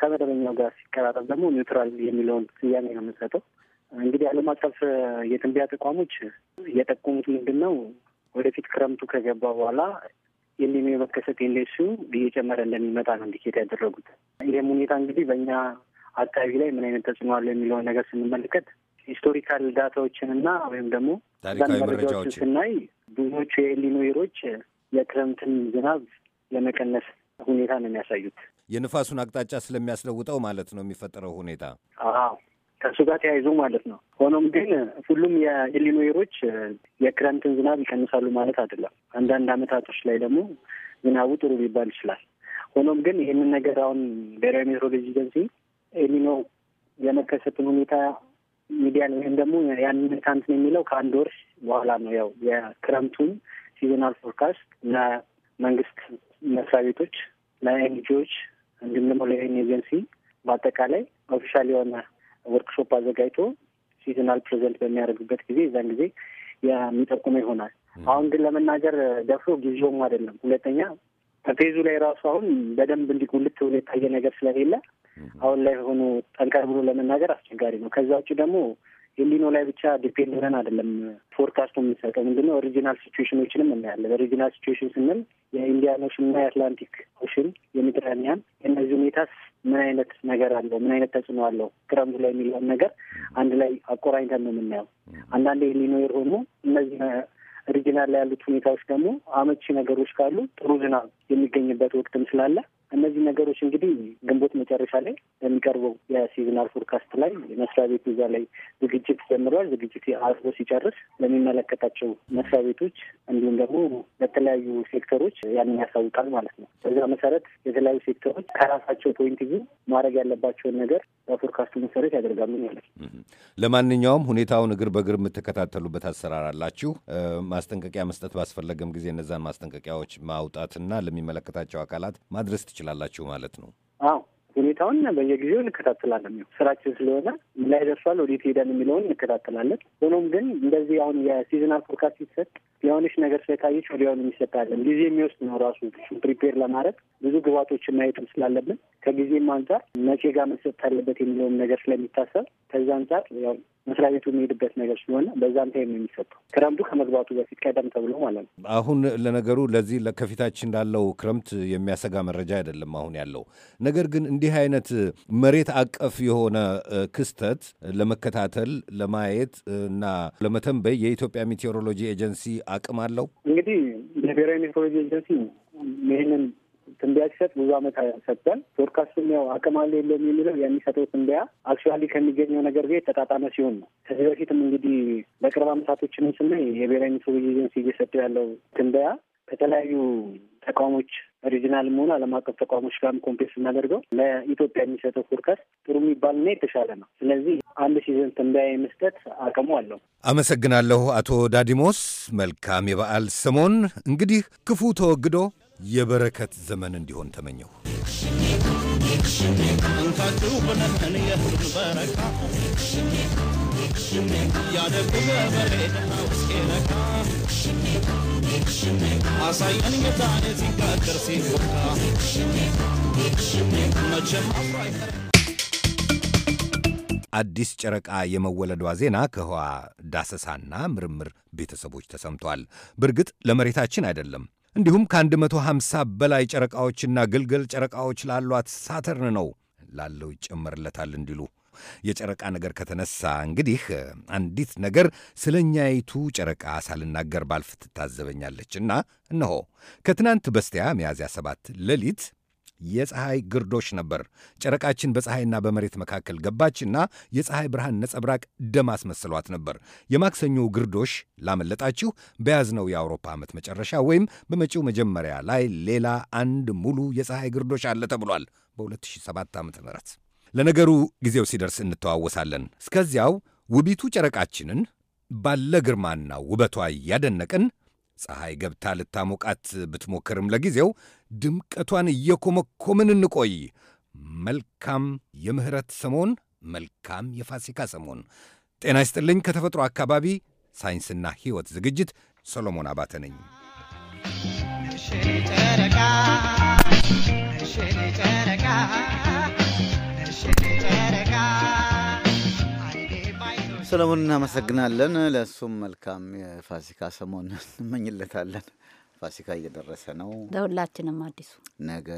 ከመደበኛው ጋር ሲቀራረብ ደግሞ ኒውትራል የሚለውን ስያሜ ነው የምንሰጠው። እንግዲህ ዓለም አቀፍ የትንቢያ ተቋሞች እየጠቆሙት ምንድን ነው ወደፊት ክረምቱ ከገባ በኋላ የሊኒዮ የመከሰት ቴንዴንሲው እየጨመረ እንደሚመጣ ነው እንዲኬት ያደረጉት። ይህም ሁኔታ እንግዲህ በእኛ አካባቢ ላይ ምን አይነት ተጽዕኖ አለው የሚለውን ነገር ስንመለከት ሂስቶሪካል እና ወይም ደግሞ ታሪካዊ መረጃዎችን ስናይ ብዙዎቹ የኤሊኖ የክረምትን ዝናብ ለመቀነስ ሁኔታ ነው የሚያሳዩት። የንፋሱን አቅጣጫ ስለሚያስለውጠው ማለት ነው የሚፈጠረው ሁኔታ። አዎ ከእሱ ጋር ተያይዞ ማለት ነው። ሆኖም ግን ሁሉም የኢሊኖይሮች የክረምትን ዝናብ ይቀንሳሉ ማለት አይደለም። አንዳንድ አመታቶች ላይ ደግሞ ዝናቡ ጥሩ ሊባል ይችላል። ሆኖም ግን ይህንን ነገር አሁን ብሔራዊ ሜትሮሎጂ ኤጀንሲ ኤሊኖ የመከሰትን ሁኔታ ሚዲያን ወይም ደግሞ ያንን ሁኔታ የሚለው ከአንድ ወር በኋላ ነው። ያው የክረምቱን ሲዝናል ፎርካስት ለመንግስት መስሪያ ቤቶች፣ ለኤንጂዎች እንዲሁም ደግሞ ለኤን ኤጀንሲ በአጠቃላይ ኦፊሻል የሆነ ወርክሾፕ አዘጋጅቶ ሲዝናል ፕሬዘንት በሚያደርግበት ጊዜ እዛን ጊዜ የሚጠቁመ ይሆናል። አሁን ግን ለመናገር ደፍሮ ጊዜውም አይደለም። ሁለተኛ ፌዙ ላይ ራሱ አሁን በደንብ እንዲህ ጉልት የታየ ነገር ስለሌለ አሁን ላይ ሆኖ ጠንከር ብሎ ለመናገር አስቸጋሪ ነው። ከዛ ውጭ ደግሞ ህሊኖ ላይ ብቻ ዲፔንድ አይደለም ፎርካስቱ የምንሰጠው ምንድነው፣ ኦሪጂናል ሲዌሽኖችንም እናያለን። ኦሪጂናል ሲዌሽን ስንል የኢንዲያን ኦሽን እና የአትላንቲክ ኦሽን የሜዲትራኒያን እነዚህ ሁኔታስ ምን አይነት ነገር አለው፣ ምን አይነት ተጽዕኖ አለው ክረምቱ ላይ የሚለውን ነገር አንድ ላይ አቆራኝተን ነው የምናየው። አንዳንድ የህሊኖ የሆኑ እነዚህ ኦሪጂናል ላይ ያሉት ሁኔታዎች ደግሞ አመቺ ነገሮች ካሉ ጥሩ ዝናብ የሚገኝበት ወቅትም ስላለ እነዚህ ነገሮች እንግዲህ ግንቦት መጨረሻ ላይ በሚቀርበው የሲዝናል ፎርካስት ላይ መስሪያ ቤቱ እዛ ላይ ዝግጅት ጀምሯል። ዝግጅት አልፎ ሲጨርስ ለሚመለከታቸው መስሪያ ቤቶች እንዲሁም ደግሞ ለተለያዩ ሴክተሮች ያንን ያሳውቃል ማለት ነው። በዛ መሰረት የተለያዩ ሴክተሮች ከራሳቸው ፖይንት ቪው ማድረግ ያለባቸውን ነገር በፎርካስቱ መሰረት ያደርጋሉ ማለት ነው። ለማንኛውም ሁኔታውን እግር በእግር የምትከታተሉበት አሰራር አላችሁ። ማስጠንቀቂያ መስጠት ባስፈለገም ጊዜ እነዛን ማስጠንቀቂያዎች ማውጣትና ለሚመለከታቸው አካላት ማድረስ ትችላላችሁ ማለት ነው። ሁኔታውን በየጊዜው እንከታተላለን። ስራችን ስለሆነ ምን ላይ ደርሷል፣ ወዴት ሄደን የሚለውን እንከታተላለን። ሆኖም ግን እንደዚህ አሁን የሲዝናል ፎርካስት ሲሰጥ የሆነች ነገር ስለታየች ወዲያውኑ የሚሰጥ አይደለም። ጊዜ የሚወስድ ነው ራሱ ፕሪፔር ለማድረግ ብዙ ግባቶችን ማየት ስላለብን ከጊዜም አንጻር መቼ ጋር መሰጠት አለበት የሚለውን ነገር ስለሚታሰብ ከዛ አንጻር ያው መስሪያ ቤቱ የሚሄድበት ነገር ስለሆነ በዛም ታይም የሚሰጠው። ክረምቱ ከመግባቱ በፊት ቀደም ተብሎ ማለት ነው። አሁን ለነገሩ ለዚህ ከፊታችን ላለው ክረምት የሚያሰጋ መረጃ አይደለም አሁን ያለው ነገር ግን እንዲህ አይነት መሬት አቀፍ የሆነ ክስተት ለመከታተል ለማየት እና ለመተንበይ የኢትዮጵያ ሜቴሮሎጂ ኤጀንሲ አቅም አለው? እንግዲህ የብሔራዊ ሜትሮሎጂ ኤጀንሲ ይህንን ትንበያ ሲሰጥ ብዙ ዓመት ሰጥቷል። ፖድካስቱም ያው አቅም አለ የለውም የሚለው የሚሰጠው ትንበያ አክቹዋሊ ከሚገኘው ነገር ጋር የተጣጣመ ሲሆን ነው። ከዚህ በፊትም እንግዲህ በቅርብ አመታቶችንም ስናይ የብሔራዊ ሜትሮሎጂ ኤጀንሲ እየሰጠው ያለው ትንበያ ከተለያዩ ተቋሞች ኦሪጂናል መሆኑ ዓለም አቀፍ ተቋሞች ጋርም ኮምፔስ ስናደርገው ለኢትዮጵያ የሚሰጠው ፎርካስት ጥሩ የሚባልና የተሻለ ነው። ስለዚህ አንድ ሲዘን ትንበያ መስጠት አቅሙ አለው። አመሰግናለሁ አቶ ዳዲሞስ። መልካም የበዓል ሰሞን። እንግዲህ ክፉ ተወግዶ የበረከት ዘመን እንዲሆን ተመኘሁ። ሽሜ አዲስ ጨረቃ የመወለዷ ዜና ከህዋ ዳሰሳና ምርምር ቤተሰቦች ተሰምቷል። በእርግጥ ለመሬታችን አይደለም። እንዲሁም ከ150 በላይ ጨረቃዎችና ግልገል ጨረቃዎች ላሏት ሳተርን ነው ላለው ይጨመርለታል እንዲሉ የጨረቃ ነገር ከተነሳ እንግዲህ አንዲት ነገር ስለ እኛይቱ ጨረቃ ሳልናገር ባልፍ ትታዘበኛለች እና እነሆ ከትናንት በስቲያ ሚያዝያ ሰባት ሌሊት የፀሐይ ግርዶሽ ነበር። ጨረቃችን በፀሐይና በመሬት መካከል ገባችና የፀሐይ ብርሃን ነጸብራቅ ደም አስመስሏት ነበር። የማክሰኞ ግርዶሽ ላመለጣችሁ በያዝነው የአውሮፓ ዓመት መጨረሻ ወይም በመጪው መጀመሪያ ላይ ሌላ አንድ ሙሉ የፀሐይ ግርዶሽ አለ ተብሏል በ2007 ም ለነገሩ ጊዜው ሲደርስ እንተዋወሳለን። እስከዚያው ውቢቱ ጨረቃችንን ባለ ግርማና ውበቷ እያደነቅን ፀሐይ ገብታ ልታሞቃት ብትሞክርም ለጊዜው ድምቀቷን እየኮመኮምን እንቆይ። መልካም የምህረት ሰሞን፣ መልካም የፋሲካ ሰሞን። ጤና ይስጥልኝ። ከተፈጥሮ አካባቢ ሳይንስና ሕይወት ዝግጅት ሰሎሞን አባተ ነኝ። ጨረቃ ጨረቃ ሰለሞን እናመሰግናለን። ለእሱም መልካም የፋሲካ ሰሞን እንመኝለታለን። ፋሲካ እየደረሰ ነው። ለሁላችንም አዲሱ ነገ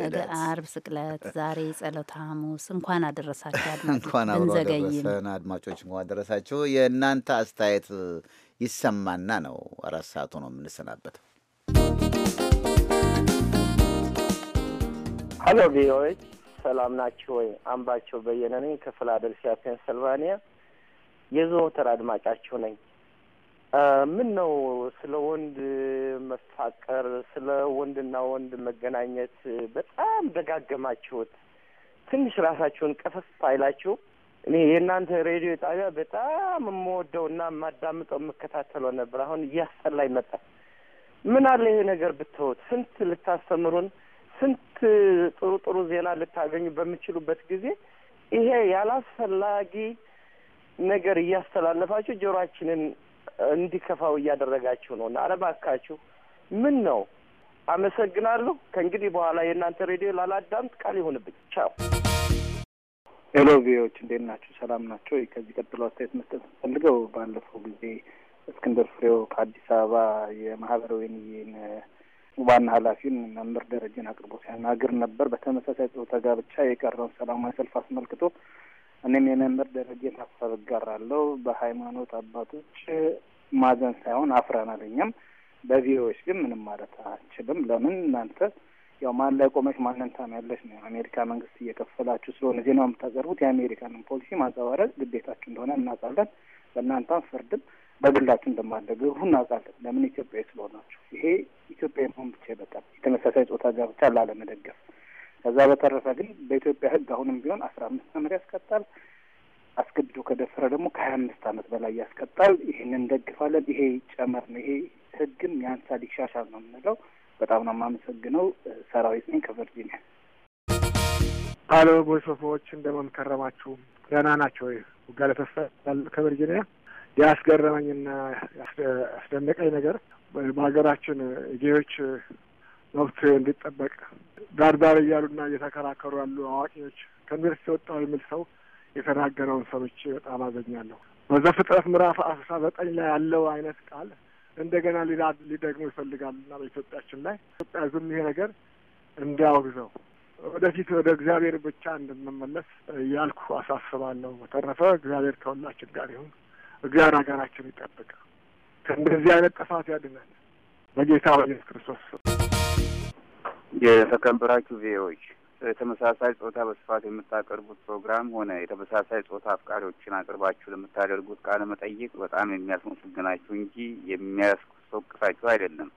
ነገ አርብ ስቅለት፣ ዛሬ ጸሎተ ሐሙስ። እንኳን አደረሳችሁ። እንኳን አደረሰን አድማጮች፣ እንኳን አደረሳችሁ። የእናንተ አስተያየት ይሰማና ነው አራት ሰዓት ሆኖ የምንሰናበተው። ሀሎ ቪኦኤ ሰላም ናቸው ወይ? አምባቸው በየነ ነኝ ከፊላደልፊያ ፔንሰልቫኒያ የዘወትር አድማጫቸው ነኝ። ምን ነው ስለ ወንድ መፋቀር፣ ስለ ወንድና ወንድ መገናኘት በጣም ደጋገማችሁት። ትንሽ ራሳችሁን ቀፈስ አይላችሁ? እኔ የእናንተ ሬዲዮ ጣቢያ በጣም የምወደው እና የማዳምጠው የምከታተለው ነበር። አሁን እያስጠላኝ መጣ። ምን አለ ይሄ ነገር ብትሆን፣ ስንት ልታስተምሩን ስንት ጥሩ ጥሩ ዜና ልታገኙ በምችሉበት ጊዜ ይሄ ያላስፈላጊ ነገር እያስተላለፋችሁ ጆሮአችንን እንዲከፋው እያደረጋችሁ ነው። እና አለባካችሁ ምን ነው። አመሰግናለሁ። ከእንግዲህ በኋላ የእናንተ ሬዲዮ ላላዳምጥ ቃል ይሁንብኝ። ቻው። ሄሎ ቪዎች እንዴት ናችሁ? ሰላም ናቸው። ከዚህ ቀጥሎ አስተያየት መስጠት ፈልገው ባለፈው ጊዜ እስክንድር ፍሬው ከአዲስ አበባ የማህበረ ወይንዬን ዋና ኃላፊን መምህር ደረጀን አቅርቦ ሲያናግር ነበር። በተመሳሳይ ጾታ ጋብቻ የቀረውን ሰላማዊ ሰልፍ አስመልክቶ እኔም የመምህር ደረጀን ሀሳብ እጋራለሁ። በሃይማኖት አባቶች ማዘን ሳይሆን አፍረናል። እኛም በቪኦኤዎች ግን ምንም ማለት አችልም። ለምን እናንተ ያው ማን ላይ ቆመች ማንን ታሚያለች ነው። የአሜሪካ መንግስት እየከፈላችሁ ስለሆነ ዜናው የምታቀርቡት የአሜሪካንን ፖሊሲ ማንጸባረቅ ግዴታችሁ እንደሆነ እናውቃለን። በእናንተም ፍርድም በግላችሁ እንደማንደግፍ እናውቃለን። ለምን ኢትዮጵያዊ ስለሆናችሁ። ይሄ ኢትዮጵያ መሆን ብቻ ይበቃል። የተመሳሳይ ጾታ ጋብቻ ላለመደገፍ። ከዛ በተረፈ ግን በኢትዮጵያ ሕግ አሁንም ቢሆን አስራ አምስት ዓመት ያስቀጣል። አስገድዶ ከደፈረ ደግሞ ከሀያ አምስት ዓመት በላይ ያስቀጣል። ይህንን እንደግፋለን። ይሄ ጨመር ነው። ይሄ ሕግም ያንሳ ይሻሻል ነው የምንለው። በጣም ነው የማመሰግነው። ሰራዊት ነኝ ከቨርጂኒያ። አሎ ቦይሶፎዎች እንደምን ከረማችሁ? ደህና ናቸው። ውጋለ ተስፋ ከቨርጂኒያ ያስገረመኝና ያስደነቀኝ ነገር በሀገራችን ጌዮች መብት እንዲጠበቅ ዳርዳር ዳር እያሉና እየተከራከሩ ያሉ አዋቂዎች ከዩኒቨርሲቲ ወጣው የሚል ሰው የተናገረውን ሰምቼ በጣም አዘኛለሁ። በዘፍጥረት ምዕራፍ አስራ ዘጠኝ ላይ ያለው አይነት ቃል እንደገና ሊደግሞ ይፈልጋሉና በኢትዮጵያችን ላይ ኢትዮጵያ ዝም ይሄ ነገር እንዲያወግዘው ወደፊት ወደ እግዚአብሔር ብቻ እንድንመለስ እያልኩ አሳስባለሁ። በተረፈ እግዚአብሔር ከሁላችን ጋር ይሁን። እግዚአብሔር ሀገራችን ይጠብቅ፣ ከእንደዚህ አይነት ጥፋት ያድናል። በጌታ በኢየሱስ ክርስቶስ የተከበራችሁ ቪዎች ተመሳሳይ ጾታ በስፋት የምታቀርቡት ፕሮግራም ሆነ የተመሳሳይ ጾታ አፍቃሪዎችን አቅርባችሁ ለምታደርጉት ቃለ መጠይቅ በጣም የሚያስመሰግናችሁ እንጂ የሚያስቆቅሳችሁ አይደለም።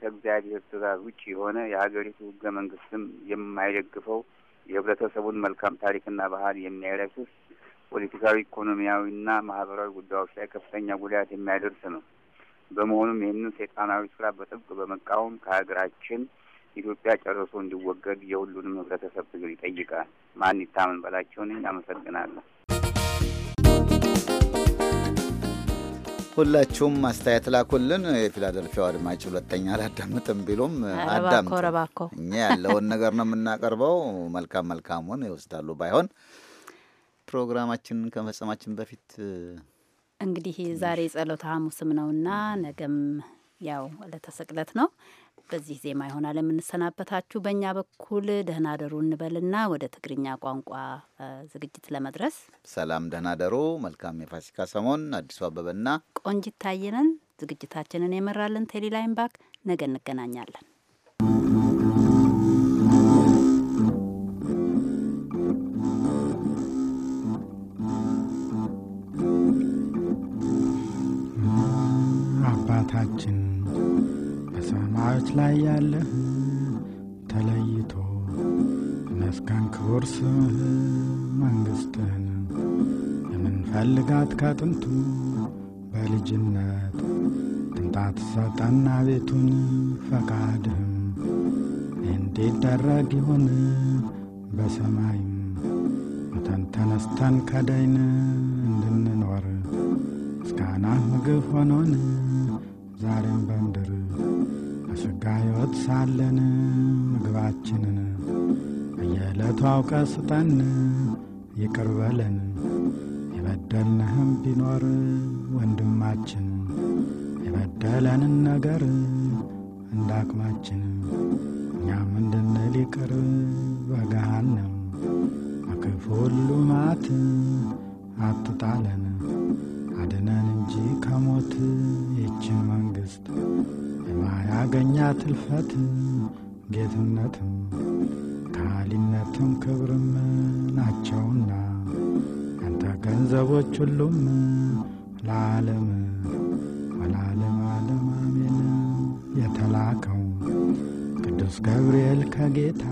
ከእግዚአብሔር ትእዛዝ ውጭ የሆነ የሀገሪቱ ህገ መንግስትም የማይደግፈው የህብረተሰቡን መልካም ታሪክና ባህል የሚያረክስ ፖለቲካዊ፣ ኢኮኖሚያዊና ማህበራዊ ጉዳዮች ላይ ከፍተኛ ጉዳት የሚያደርስ ነው። በመሆኑም ይህንን ሰይጣናዊ ስራ በጥብቅ በመቃወም ከሀገራችን ኢትዮጵያ ጨርሶ እንዲወገድ የሁሉንም ህብረተሰብ ትግል ይጠይቃል። ማን ይታመን በላቸውን። አመሰግናለሁ። ሁላችሁም አስተያየት ላኩልን። የፊላደልፊያው አድማጭ ሁለተኛ አላዳምጥም ቢሉም አዳምጥ፣ እኛ ያለውን ነገር ነው የምናቀርበው። መልካም መልካሙን ይወስዳሉ ባይሆን ፕሮግራማችን ከመፈጸማችን በፊት እንግዲህ ዛሬ ጸሎተ ሐሙስም ነውና ነገም ያው ዕለተ ስቅለት ነው። በዚህ ዜማ ይሆናል የምንሰናበታችሁ። በእኛ በኩል ደህና ደሩ እንበልና ወደ ትግርኛ ቋንቋ ዝግጅት ለመድረስ ሰላም፣ ደህና ደሩ፣ መልካም የፋሲካ ሰሞን። አዲሱ አበበና ቆንጂት ታየነን ዝግጅታችንን የመራልን ቴሌላይን ባክ። ነገ እንገናኛለን። ጌታችን በሰማዮች ላይ ያለህ ተለይቶ መስከን ክቡር ስምህ መንግሥትህን የምንፈልጋት ከጥንቱ በልጅነት ጥንታት ሰጠና ቤቱን ፈቃድህም እንዲደረግ ይሁን በሰማይም ሙተን ተነስተን ከዳይን እንድንኖር ምስጋናህ ምግብ ሆኖን ዛሬም በምድር በስጋ ሕይወት ሳለን ምግባችንን በየዕለቱ አውቀ ስጠን፣ ይቅር በለን የበደልንህም ቢኖር ወንድማችን የበደለንን ነገር እንዳቅማችን እኛም እንድንል ይቅር በገሃነም በክፉ ሁሉ ማት አትጣለን። አድነን እንጂ ከሞት ይችን መንግሥት የማያገኛት እልፈት ጌትነትም ካሊነትም ክብርም ናቸውና አንተ ገንዘቦች ሁሉም ለዓለም ወላለም ዓለም አሜን የተላከው ቅዱስ ገብርኤል ከጌታ